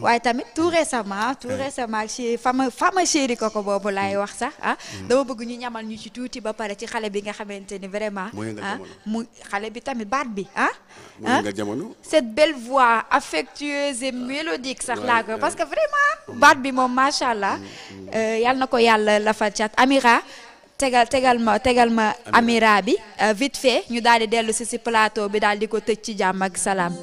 waaye tamit tout récemment tout récemment ci fama fama chéri ko boobu laay wax sax ah dama bëgg ñu ñamal ñu ci tuuti ba pare ci xale bi nga xamante ni vraiment ah mu xale bi tamit baat bi ah ah cette belle voix affectueuse et mélodique sax laa parce que vraiment bi moom macha allah mm, mm, mm. Euh, yal na ko yàlla la fa cat Amira tegal tegal ma Amira bi euh, vite fait ñu daal di dellu si si plateau bi daal di ko tëj ci jàmm ak salaam.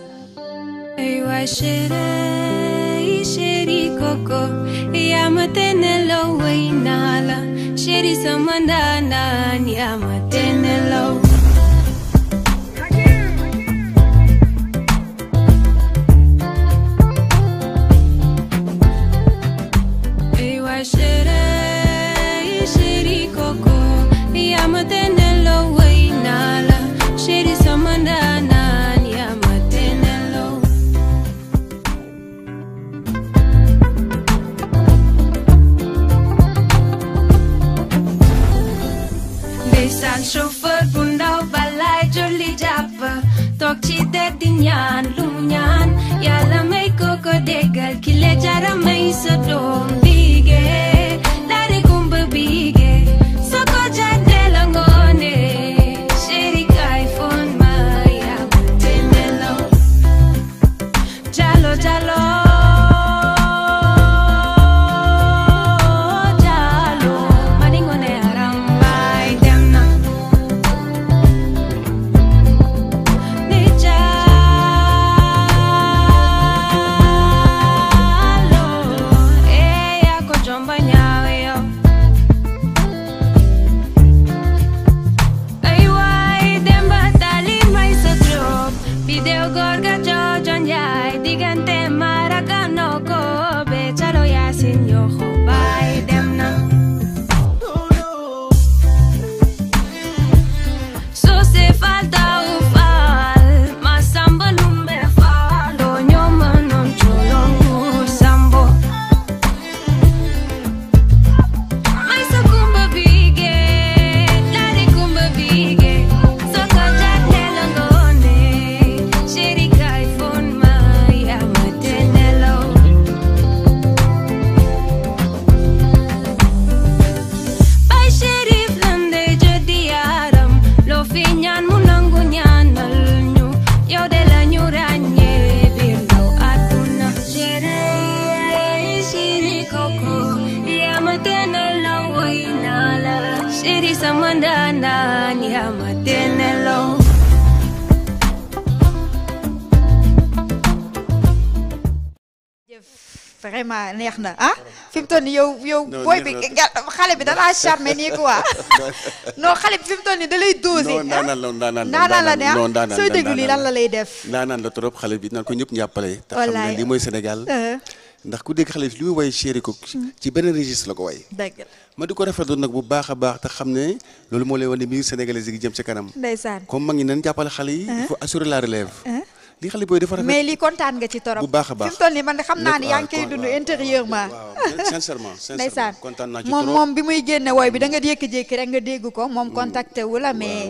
sheri koko Llama-te Nello Wainala Sheri Samandana Llama-te Nello șofer Punau balai joli japă Toc ci de din yan lumyan Iala mei coco de găl Chile geara mei să domn bigel vraiment neex na ah fi yow yow booy bi xale bi dalaa charmé nii quoi non xale bi fi mu toll nii da lay doser ndaanaan ah? la ndaanaan ndaanaan la ne sooy la lay def naan la trop xale bi naan ko ñëpp ñàppale te xam ne lii mooy Sénégal uh-huh. ndax ku dégg xale bi li muy woy ci mm-hmm. benn registre la ko way ma di ko rafetlu nag bu baax a baax te xam ne loolu moo lay wane ne musique sénégalaise yi jëm si kanam ndeysaan comme mag ngi nan jàppale xale yi il uh-huh. assurer la relève uh-huh. li xale booy dafa mais li kontaan nga ci torop bu baax a baax moom bi muy génne wooy bi da nga jékki-jékki rek nga dégg ko moom mm. contacté wu la mais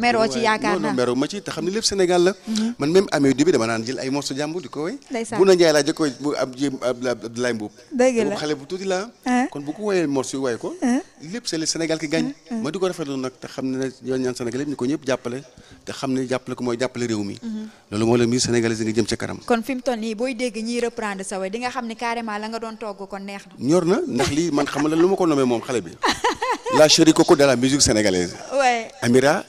meroo ci yaakaar naa meroo ma ci te xam ne lépp la mm-hmm. man même amee du bi dama naan jël ay morceau jàmbur di ko woy bu na njaay laa jëkkoy bu ab jéem Abdoulaye Mboup la xale bu tuuti la kon bu ko woyee morceau woy ko lépp Sénégal ki gañ ma di ko rafetlu nag te xam ne yoon ñaan Sénégal yëpp ñu ko ñëpp jàppale te xam ne jàppale ko mooy jàppale économie sénégalaise kon fi mu toll booy dégg ñiy reprendre sa way di xam ne carrément la doon togg kon neex ñor na ndax lii man xam lu ma ko nommé moom xale bi la chérie coco de la musique sénégalaise. Amira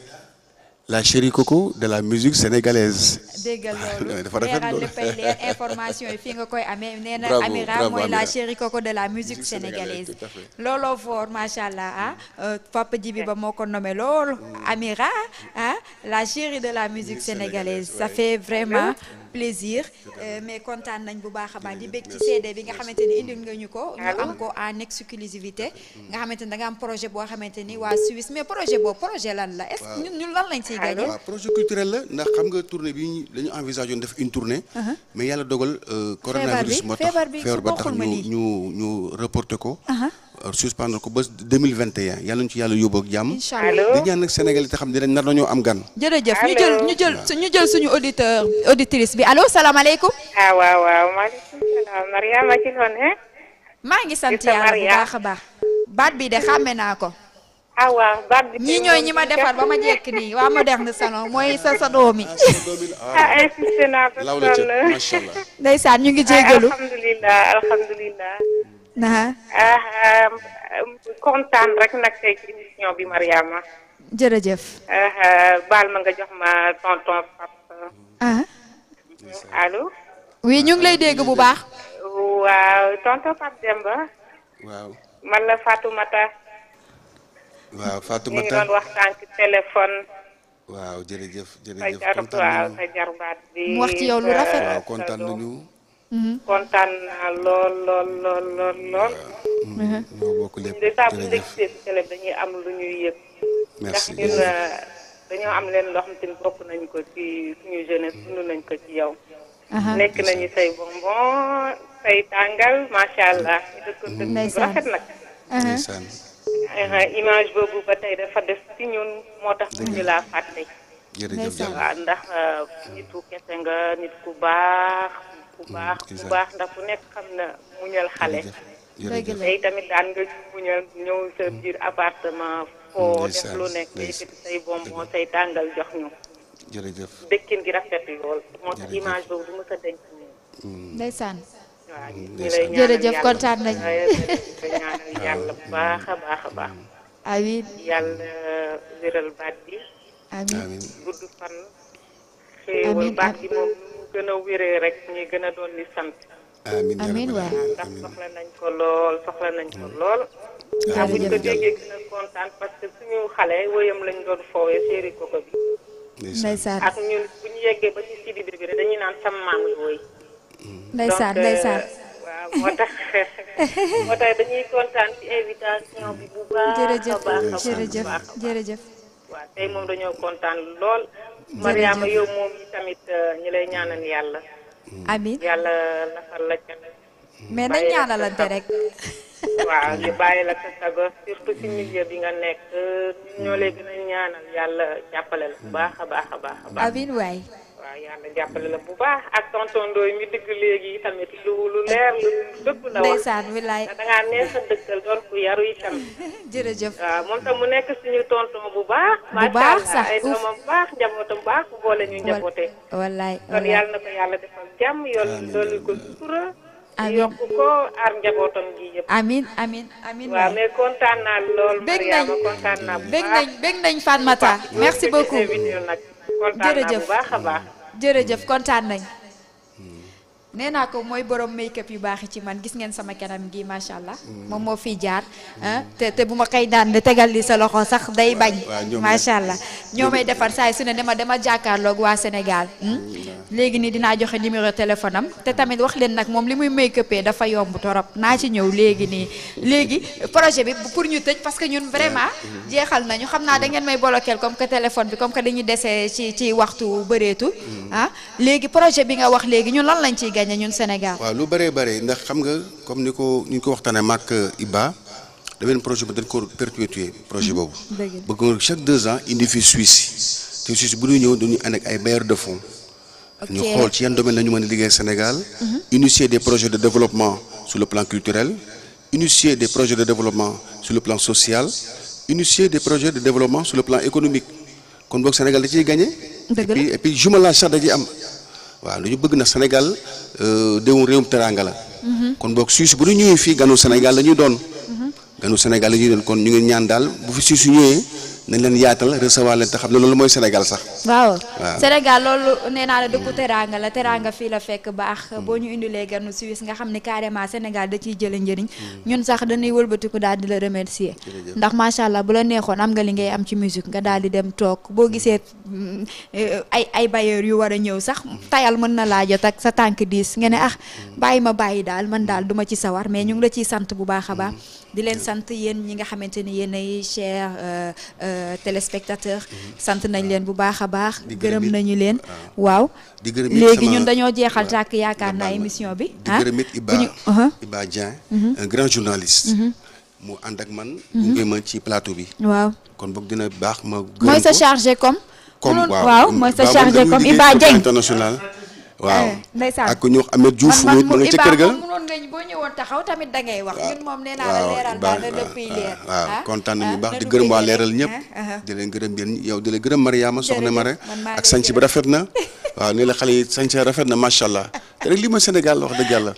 la chérie Coco de la musique sénégalaise. déggal loolu dafa rafet nga koy amee. nee na Amira mooy la de la musique sénégalaise. looloo fort macha allah ah euh, Papa Djibi Ba moo ko nommé mm. Amira ah, la chérie de la musique sénégalaise ça fait vraiment. plaisir euh, mais kontaan nañ bu baax a baax di bég ci CD bi nga xamante ni indil nga ñu ko ñu am ko en exclusivité nga xamante ni da am projet boo xamante ni waa Suisse mais projet boobu projet lan la est-ce que ñun lan lañ ciy gagné projet culturel la ndax xam nga tournée bi la ñu envisagé woon def une tournée uh-huh. mais yàlla dogal euh, coronavirus moo tax ñu ñu ko uh-huh. Euh, suspendre ko ba 2021 yàlla ñu ci yàlla yóbbu jàmm. incha allah di ñaan nag Sénégal xam ne dañ nar nañoo am gan. jërëjëf ñu jël ñu jël ñu jël suñu auditeur auditrice bi allo salaamaaleykum. Ah, waaw waaw maaleykum salaam Mariama ci noonu maa ngi sant yàlla bu baax a baax. baat bi de xàmme naa ko. ah waaw baat bi ñii ñooy ñi ma defar ba ma jekk nii waa moderne salon mooy sa sa doom yi. Ah, ah insisté naa ñu ngi jégalu kontaan rek nag tey ci émission bi Mariama. jërëjëf. baal ma nga jox ma tonton Pape. allo. oui ñu ngi lay dégg bu baax. waaw tonton Pape Demba. waaw man la Fatoumata. waaw Fatoumata ñu ngi doon waxtaan ci téléphone. waaw jërëjëf jërëjëf kontaan nañu waaw sa jarbaat bi. mu wax ci yow lu rafet. waaw kontaan nañu. Mm-hmm. kontaan naa lool lool lool lool dañu mm-hmm. ñoo am lu ñuy yëg. ndax ñun euh, am leen loo xamante ni bokk nañ ko ci suñu jeunesse dund nañ ko ci yow. nekk nañu say bonbon say tàngal macha allah. dëkk rafet nag. image boobu ba tey dafa des ci ñun moo tax ñu laa fàtte. jërëjëf waaw ndax euh, nitu kese nga nit ku baax. bu baax bu baax ndax ku nekk xam na muñal xale tey tamit daan nga muñal ñëw sa mm. biir appartement foo mm, def lu nekk yëkkati say bonbon say tàngal jox ñu jërëjëf dëkkin gi rafet lool moo tax image boobu du ma sa denc mm. ndeysaan waaw jërëjëf kontaan nañ yàlla bu baax a baax a baax amiin yàlla wéral baat bi amiin gudd fan xéewal baat bi moom gën a wéree rek ñuy gën a doon di sant. amiin amiin soxla nañ ko lool soxla nañ ko lool. jërëjëf buñ ko déggee gën a kontaan parce que suñu xale wéyam lañ doon foowee séeri koko bi. ndeysaan ak ñun bu ñu yeggee bi rek dañuy naan sama maam la wooy. ndeysaan euh, ndeysaan waaw moo moo tax dañuy kontaan ci invitation bi bu baax a baax jërëjëf jërëjëf waaw tey moom dañoo kontaan lool. Mariama yow moom tamit euh, ñi lay ñaanal yàlla. Mm. amiin yàlla nafal la ca. mais nañ ñaanalante rek. waaw bàyyi la sa sago surtout si milieu bi nga nekk ñoo lay gën a ñaanal yàlla jàppale la bu baax a baax a baax a baax. amiin waay. waaw yàlla jàppale la bu baax ak tonton Ndoye mi dëgg léegi tamit lu lu leer lu dëgg la wax ndeysaan wilaay da ngaa neex sa dëkkal door ku yaru itam jërëjëf waaw moom tam mu nekk suñu tonton bu baax bu baax sax ay doomam baax njabootam baax bu boole ñu njaboote wallaay kon yàlla na ko yàlla defal jàmm yoolu loolu ko sutura amiin yokk ko aar njabootam gi yëpp. amiin amiin amiin waaw mais kontaan naa lool. Mariama kontaan naa bég nañ bég merci beaucoup a jërëjëf kontaan nañ nee naa ko mooy borom make-up yu baax yi ci man gis ngeen sama kanam gi macha allah. Mm. moom moo fi jaar. Ah, te te bu ma kay daan tegal li sa loxo sax day bañ. macha allah ñoo may defar saa su ne dama dama jàkkaarloog waa Sénégal. Hmm? léegi nii dinaa joxe numéro téléphone am te tamit wax leen nag moom li muy make-upee dafa yomb torop naa ci ñëw léegi nii léegi projet bi pour ñu tëj parce que ñun vraiment. Mm-hmm. jeexal nañu xam naa da may bolokeel comme que téléphone bi comme que dañuy dese ci ci waxtu bëreetu. Mm-hmm. ah léegi projet bi nga wax léegi ñun lan lañ ciy gañ feeñe ñun Sénégal. waaw lu bëree bëri ndax xam nga comme ni ko ni ñu ko waxtaanee maak Iba da benn projet bi dañ ko perpétuer projet mm-hmm. boobu. bëgg nga chaque deux ans indi fi Suisse te Suisse bu ñuy ñëw dañuy ànd ak ay bailleurs de fonds. ñu xool ci yan domaine la ñu mën a liggéey Sénégal. Mm-hmm. initier des projets de développement sur le plan culturel. initier des projets de développement sur le plan social. initier des projets de développement sur le plan économique kon boog Sénégal da ciy gagné. dëgg la am. waaw lu bëgg na Sénégal euh, déwum réewum teranga la. Mhm. kon boo Suisse bu ñu ñëwee fii ganu senegal la ñuy doon. Mhm. ganu Sénégal la doon kon ñu ngi ñaan daal bu fi Suisse ñëwee. nañ leen yaatal recevoir leen te xam ne loolu mooy Sénégal sax. waaw Sénégal loolu nee naa la dëkku teraanga la teraanga fii la fekk baax. boo ñu indilee ganu Suisse nga xam ni carrément Sénégal da ciy jëlee njëriñ. Hmm. ñun sax dañuy wëlbatiku daal di la remercier. ndax macha allah bu la neexoon am nga li ngay am ci musique nga daal di dem toog boo gisee hmm, ay ay bailleurs yu war a ñëw sax tayal mën na laa jot ak sa tànk diis nga ne ah hmm. bàyyi ma bàyyi daal man daal duma ci sawar mais ñu ngi la ciy sant bu baax a baax. di leen sant yéen ñi nga xamante ni yéen ay cher. Euh, euh, Euh, téléspectateur mhm. sant nañ ah. leen bu baax a baax gërëm nañu leen ah. waaw di gërëm léegi ñun dañoo jeexal tàkk yaakaar naa émission bi di ah. gërëm it Iba uh-huh. Iba Dieng uh-huh. un grand journaliste uh-huh. mu ànd ak man gunge ma ci plateau bi waaw kon boog dina baax ma gërëm ko mooy sa chargé comme comme waaw mooy waaw eh, ndeysaan ak ñu wax Ameth Diouf ma nga ca kër ga moom mënoon nañ boo ñëwoon taxaw tamit da wax ñun moom nee la leeral daal la dëppay leer nañu ah, baax ah, di gërëm waa leeral ñëpp ah, di leen gërëm yéen yow di leen gërëm Mariama soxna Mare ak sanc bi rafet na waaw nii la xale yi sanc rafet na macha allah te rek lii ma Sénégal wax dëgg yàlla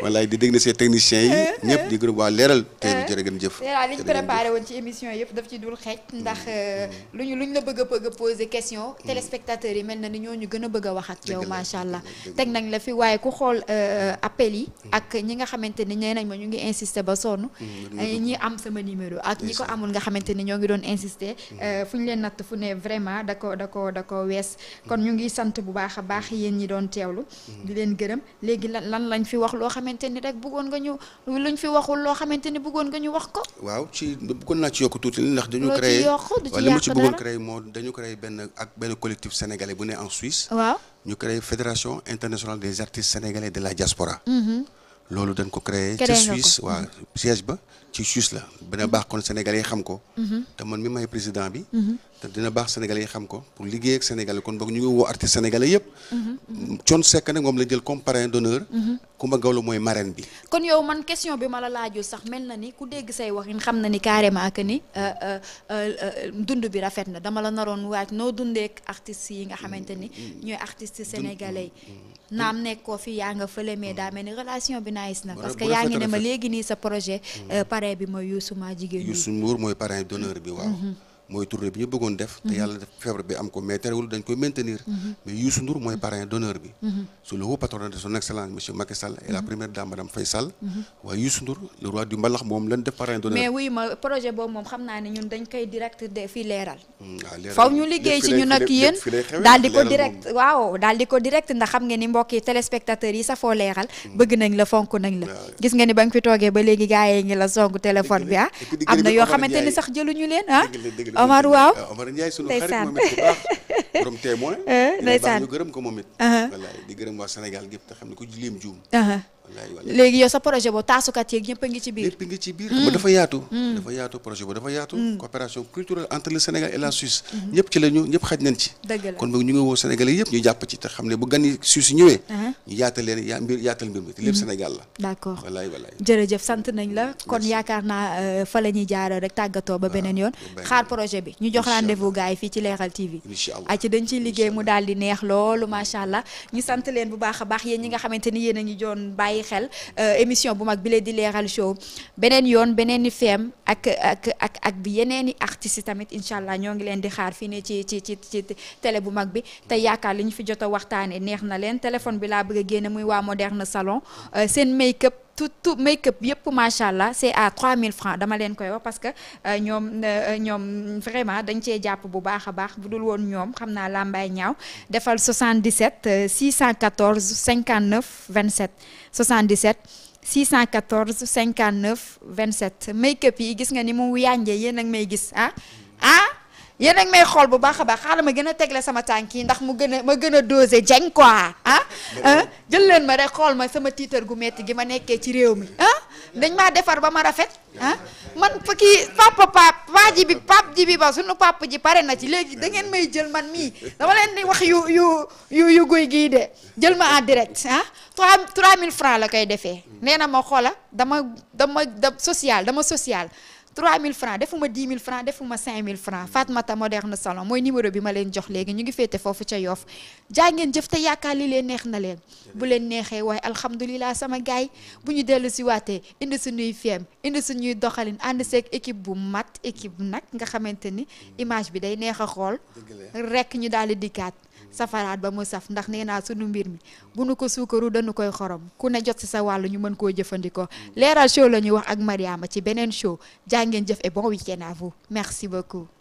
wallaay di dégg na seen techniciens yi eh, ñëpp di eh. gërëm waa leeral eh. tey jërë ngeen jëf leeral li préparé woon ci émission yëpp daf ci dul xeej ndax mm. Euh, mm. lu ñu la bëgg a bëgg a posé question mm. téléspectateurs yi mel na ni ñoo ñu gën a bëgg a wax ak yow macha allah teg nañ la fi waaye ku xool euh, appel yi ak ñi nga xamante ni nee nañ ma ñu ngi insisté ba sonn ñi am sama numéro ak ñi ko amul nga xamante ni ñoo ngi doon insisté euh, fu ñu leen natt fu ne vraiment da ko da ko da ko wees kon ñu ngi sant bu baax a baax yéen ñi doon teewlu di xamante ni rek bëggoon nga ñu luñ fi waxul loo xamante ni bëggoon nga ñu wax ko. waaw ci bëggoon naa ci yokk tuuti ndax dañu créé li ma ci bëggoon créé moo dañu créé benn ak benn collectif sénégalais bu ne en Suisse. ñu créé fédération internationale des artistes sénégalais de la diaspora. Mm-hmm. loolu dañ ko créé ci Suisse mm-hmm. waaw siège ba ci Suisse la. benn baax kon sénégalais xam ko. Mm-hmm. te man mi may président bi. te dina baax sénégalais yi xam ko pour liggéey ak sénégalais kon boog ñu ngi woo artiste sénégalais yëpp. Thione Seck nag moom la jël comme parrain mooy marraine bi. kon yow man question bi ma la laajul sax mel na ni ku dégg say waxin xam na ni carrément que ni euh, euh, euh, dund bi rafet na dama la naroon waaj noo dundee ak yi nga xamante ni ñooy artistes sénégalais yi. naam koo fi yaa nga fële me daa mel ni relation bi nice na. parce que yaa ngi ne léegi nii sa projet. parrain bi mooy Youssou ma jigéen ñi. Youssou Ndour mooy parrain d'honneur bi waaw. Mm-hmm. mooy tournée bi ñu bëggoon def. te mhm. yàlla def feebar bi am ko mais terewul dañ koy maintenir. Mhm. mais Youssou Ndour mooy parrain d'honneur bi. Mhm. sous le haut patronage de son excellence monsieur Macky Sall et la première dame madame Faye Sall. waaye Youssou Ndour le roi du mbalax moom lañ def parrain d'honneur. mais wuy ma projet boobu moom xam naa ne ñun dañ koy direct de leeral. Hmm, faw ñu liggéey ci ñun ak yéen daal di ko direct waaw daal di ko direct ndax xam nga ni mbokk yi Omar waaw Omar Ndiaye sunu xarit moom it baax borom témoin. Eh, ndeysaan ñu gërëm ko moom it. Uh-huh. wallaay di gërëm waa Sénégal gépp te xam ne ku lim juum. Uh-huh. léegi yow sa projet boobu taasukat yeeg ñëpp a ngi ci biir. ñëpp a mm. dafa yaatu. Mm. dafa yaatu projet boobu dafa yaatu. Mm. coopération culturelle entre le Sénégal et la Suisse. Mm-hmm. ñëpp xaj nañ ci. dëgg la kon ñu ngi woo Sénégalais ñu jàpp ci te xam ne bu gan yi Suisse ñëwee. Uh-huh. yaatal leen yaatal mbir mi te lépp mm-hmm. Sénégal la. d'accord jërëjëf sant nañ la kon yaakaar naa euh, fa la ñuy rek tàggatoo ba ah, beneen yoon. xaar projet bi ñu jox rendez-vous gars fii ci Leral TV. incha ci dañ ciy a a bàyyi xel euh, émission bu mag bi lee di leeral show beneen yoon beneen i feem ak ak ak bi yeneen i artistes tamit incha allah ñoo ngi leen di xaar fii nii ci ci ci ci télé bu mag bi te yaakaar li ñu fi jot a waxtaanee neex na leen téléphone bi laa bëgg a génne muy waa Moderne Salon euh, seen make-up tout tout make-up yëpp macha allah c'est à 3000 francs dama leen ko wax parce que euh, ñoom euh, ñoom vraiment dañ cee jàpp bu baax a baax bu dul woon ñoom xam naa làmbaay ñaaw defal 77 614 59 27 77. 614 59 27 make-up yi gis nga ni mu yànjee yéen ak may gis ah ah. yéen a may xool bu baax a baax xaaral ma gën a tegle sama tànk yi ndax mu gën a ma gën a dosé jeng quoi ah? ah jël leen ma rek xool ma sama tiitar gu metti gi ma nekkee ci réew mi ah dañ maa defar ba ma rafet ah man fa kii papa pap paa ji bi pap ji ba sunu pap ji pare na ci léegi da ngeen may jël man mii dama leen wax yu yu yu yu guy gii de jël ma en direct ah trois trois mille francs la koy defee nee na ma xoola dama dama da social dama social mille francs defuma 10 000 francs defuma 5000 francs Fatmata Moderne Salon mooy numéro bi ma leen jox léegi ñu ngi féete foofu ca Yoff jaa ngeen jëf te yaakaar li leen neex na leen bu leen neexee waaye alhamdulilah sama gaay bu ñu dellu si waatee indi suñuy feem indi suñuy doxalin ànd seeg équipe bu mat équipe nag nga xamante ni image bi day neex a xool rek ñu daal di dikkaat safaraat ba mu saf ndax nee naa sunu mbir mi bu nu ko suukaru dañu koy xorom ku ne jot si sa wàll ñu mën koo jëfandikoo leeral show la ñuy wax ak Mariama ci beneen show jàngeen jëf e bon week-end à vous merci beaucoup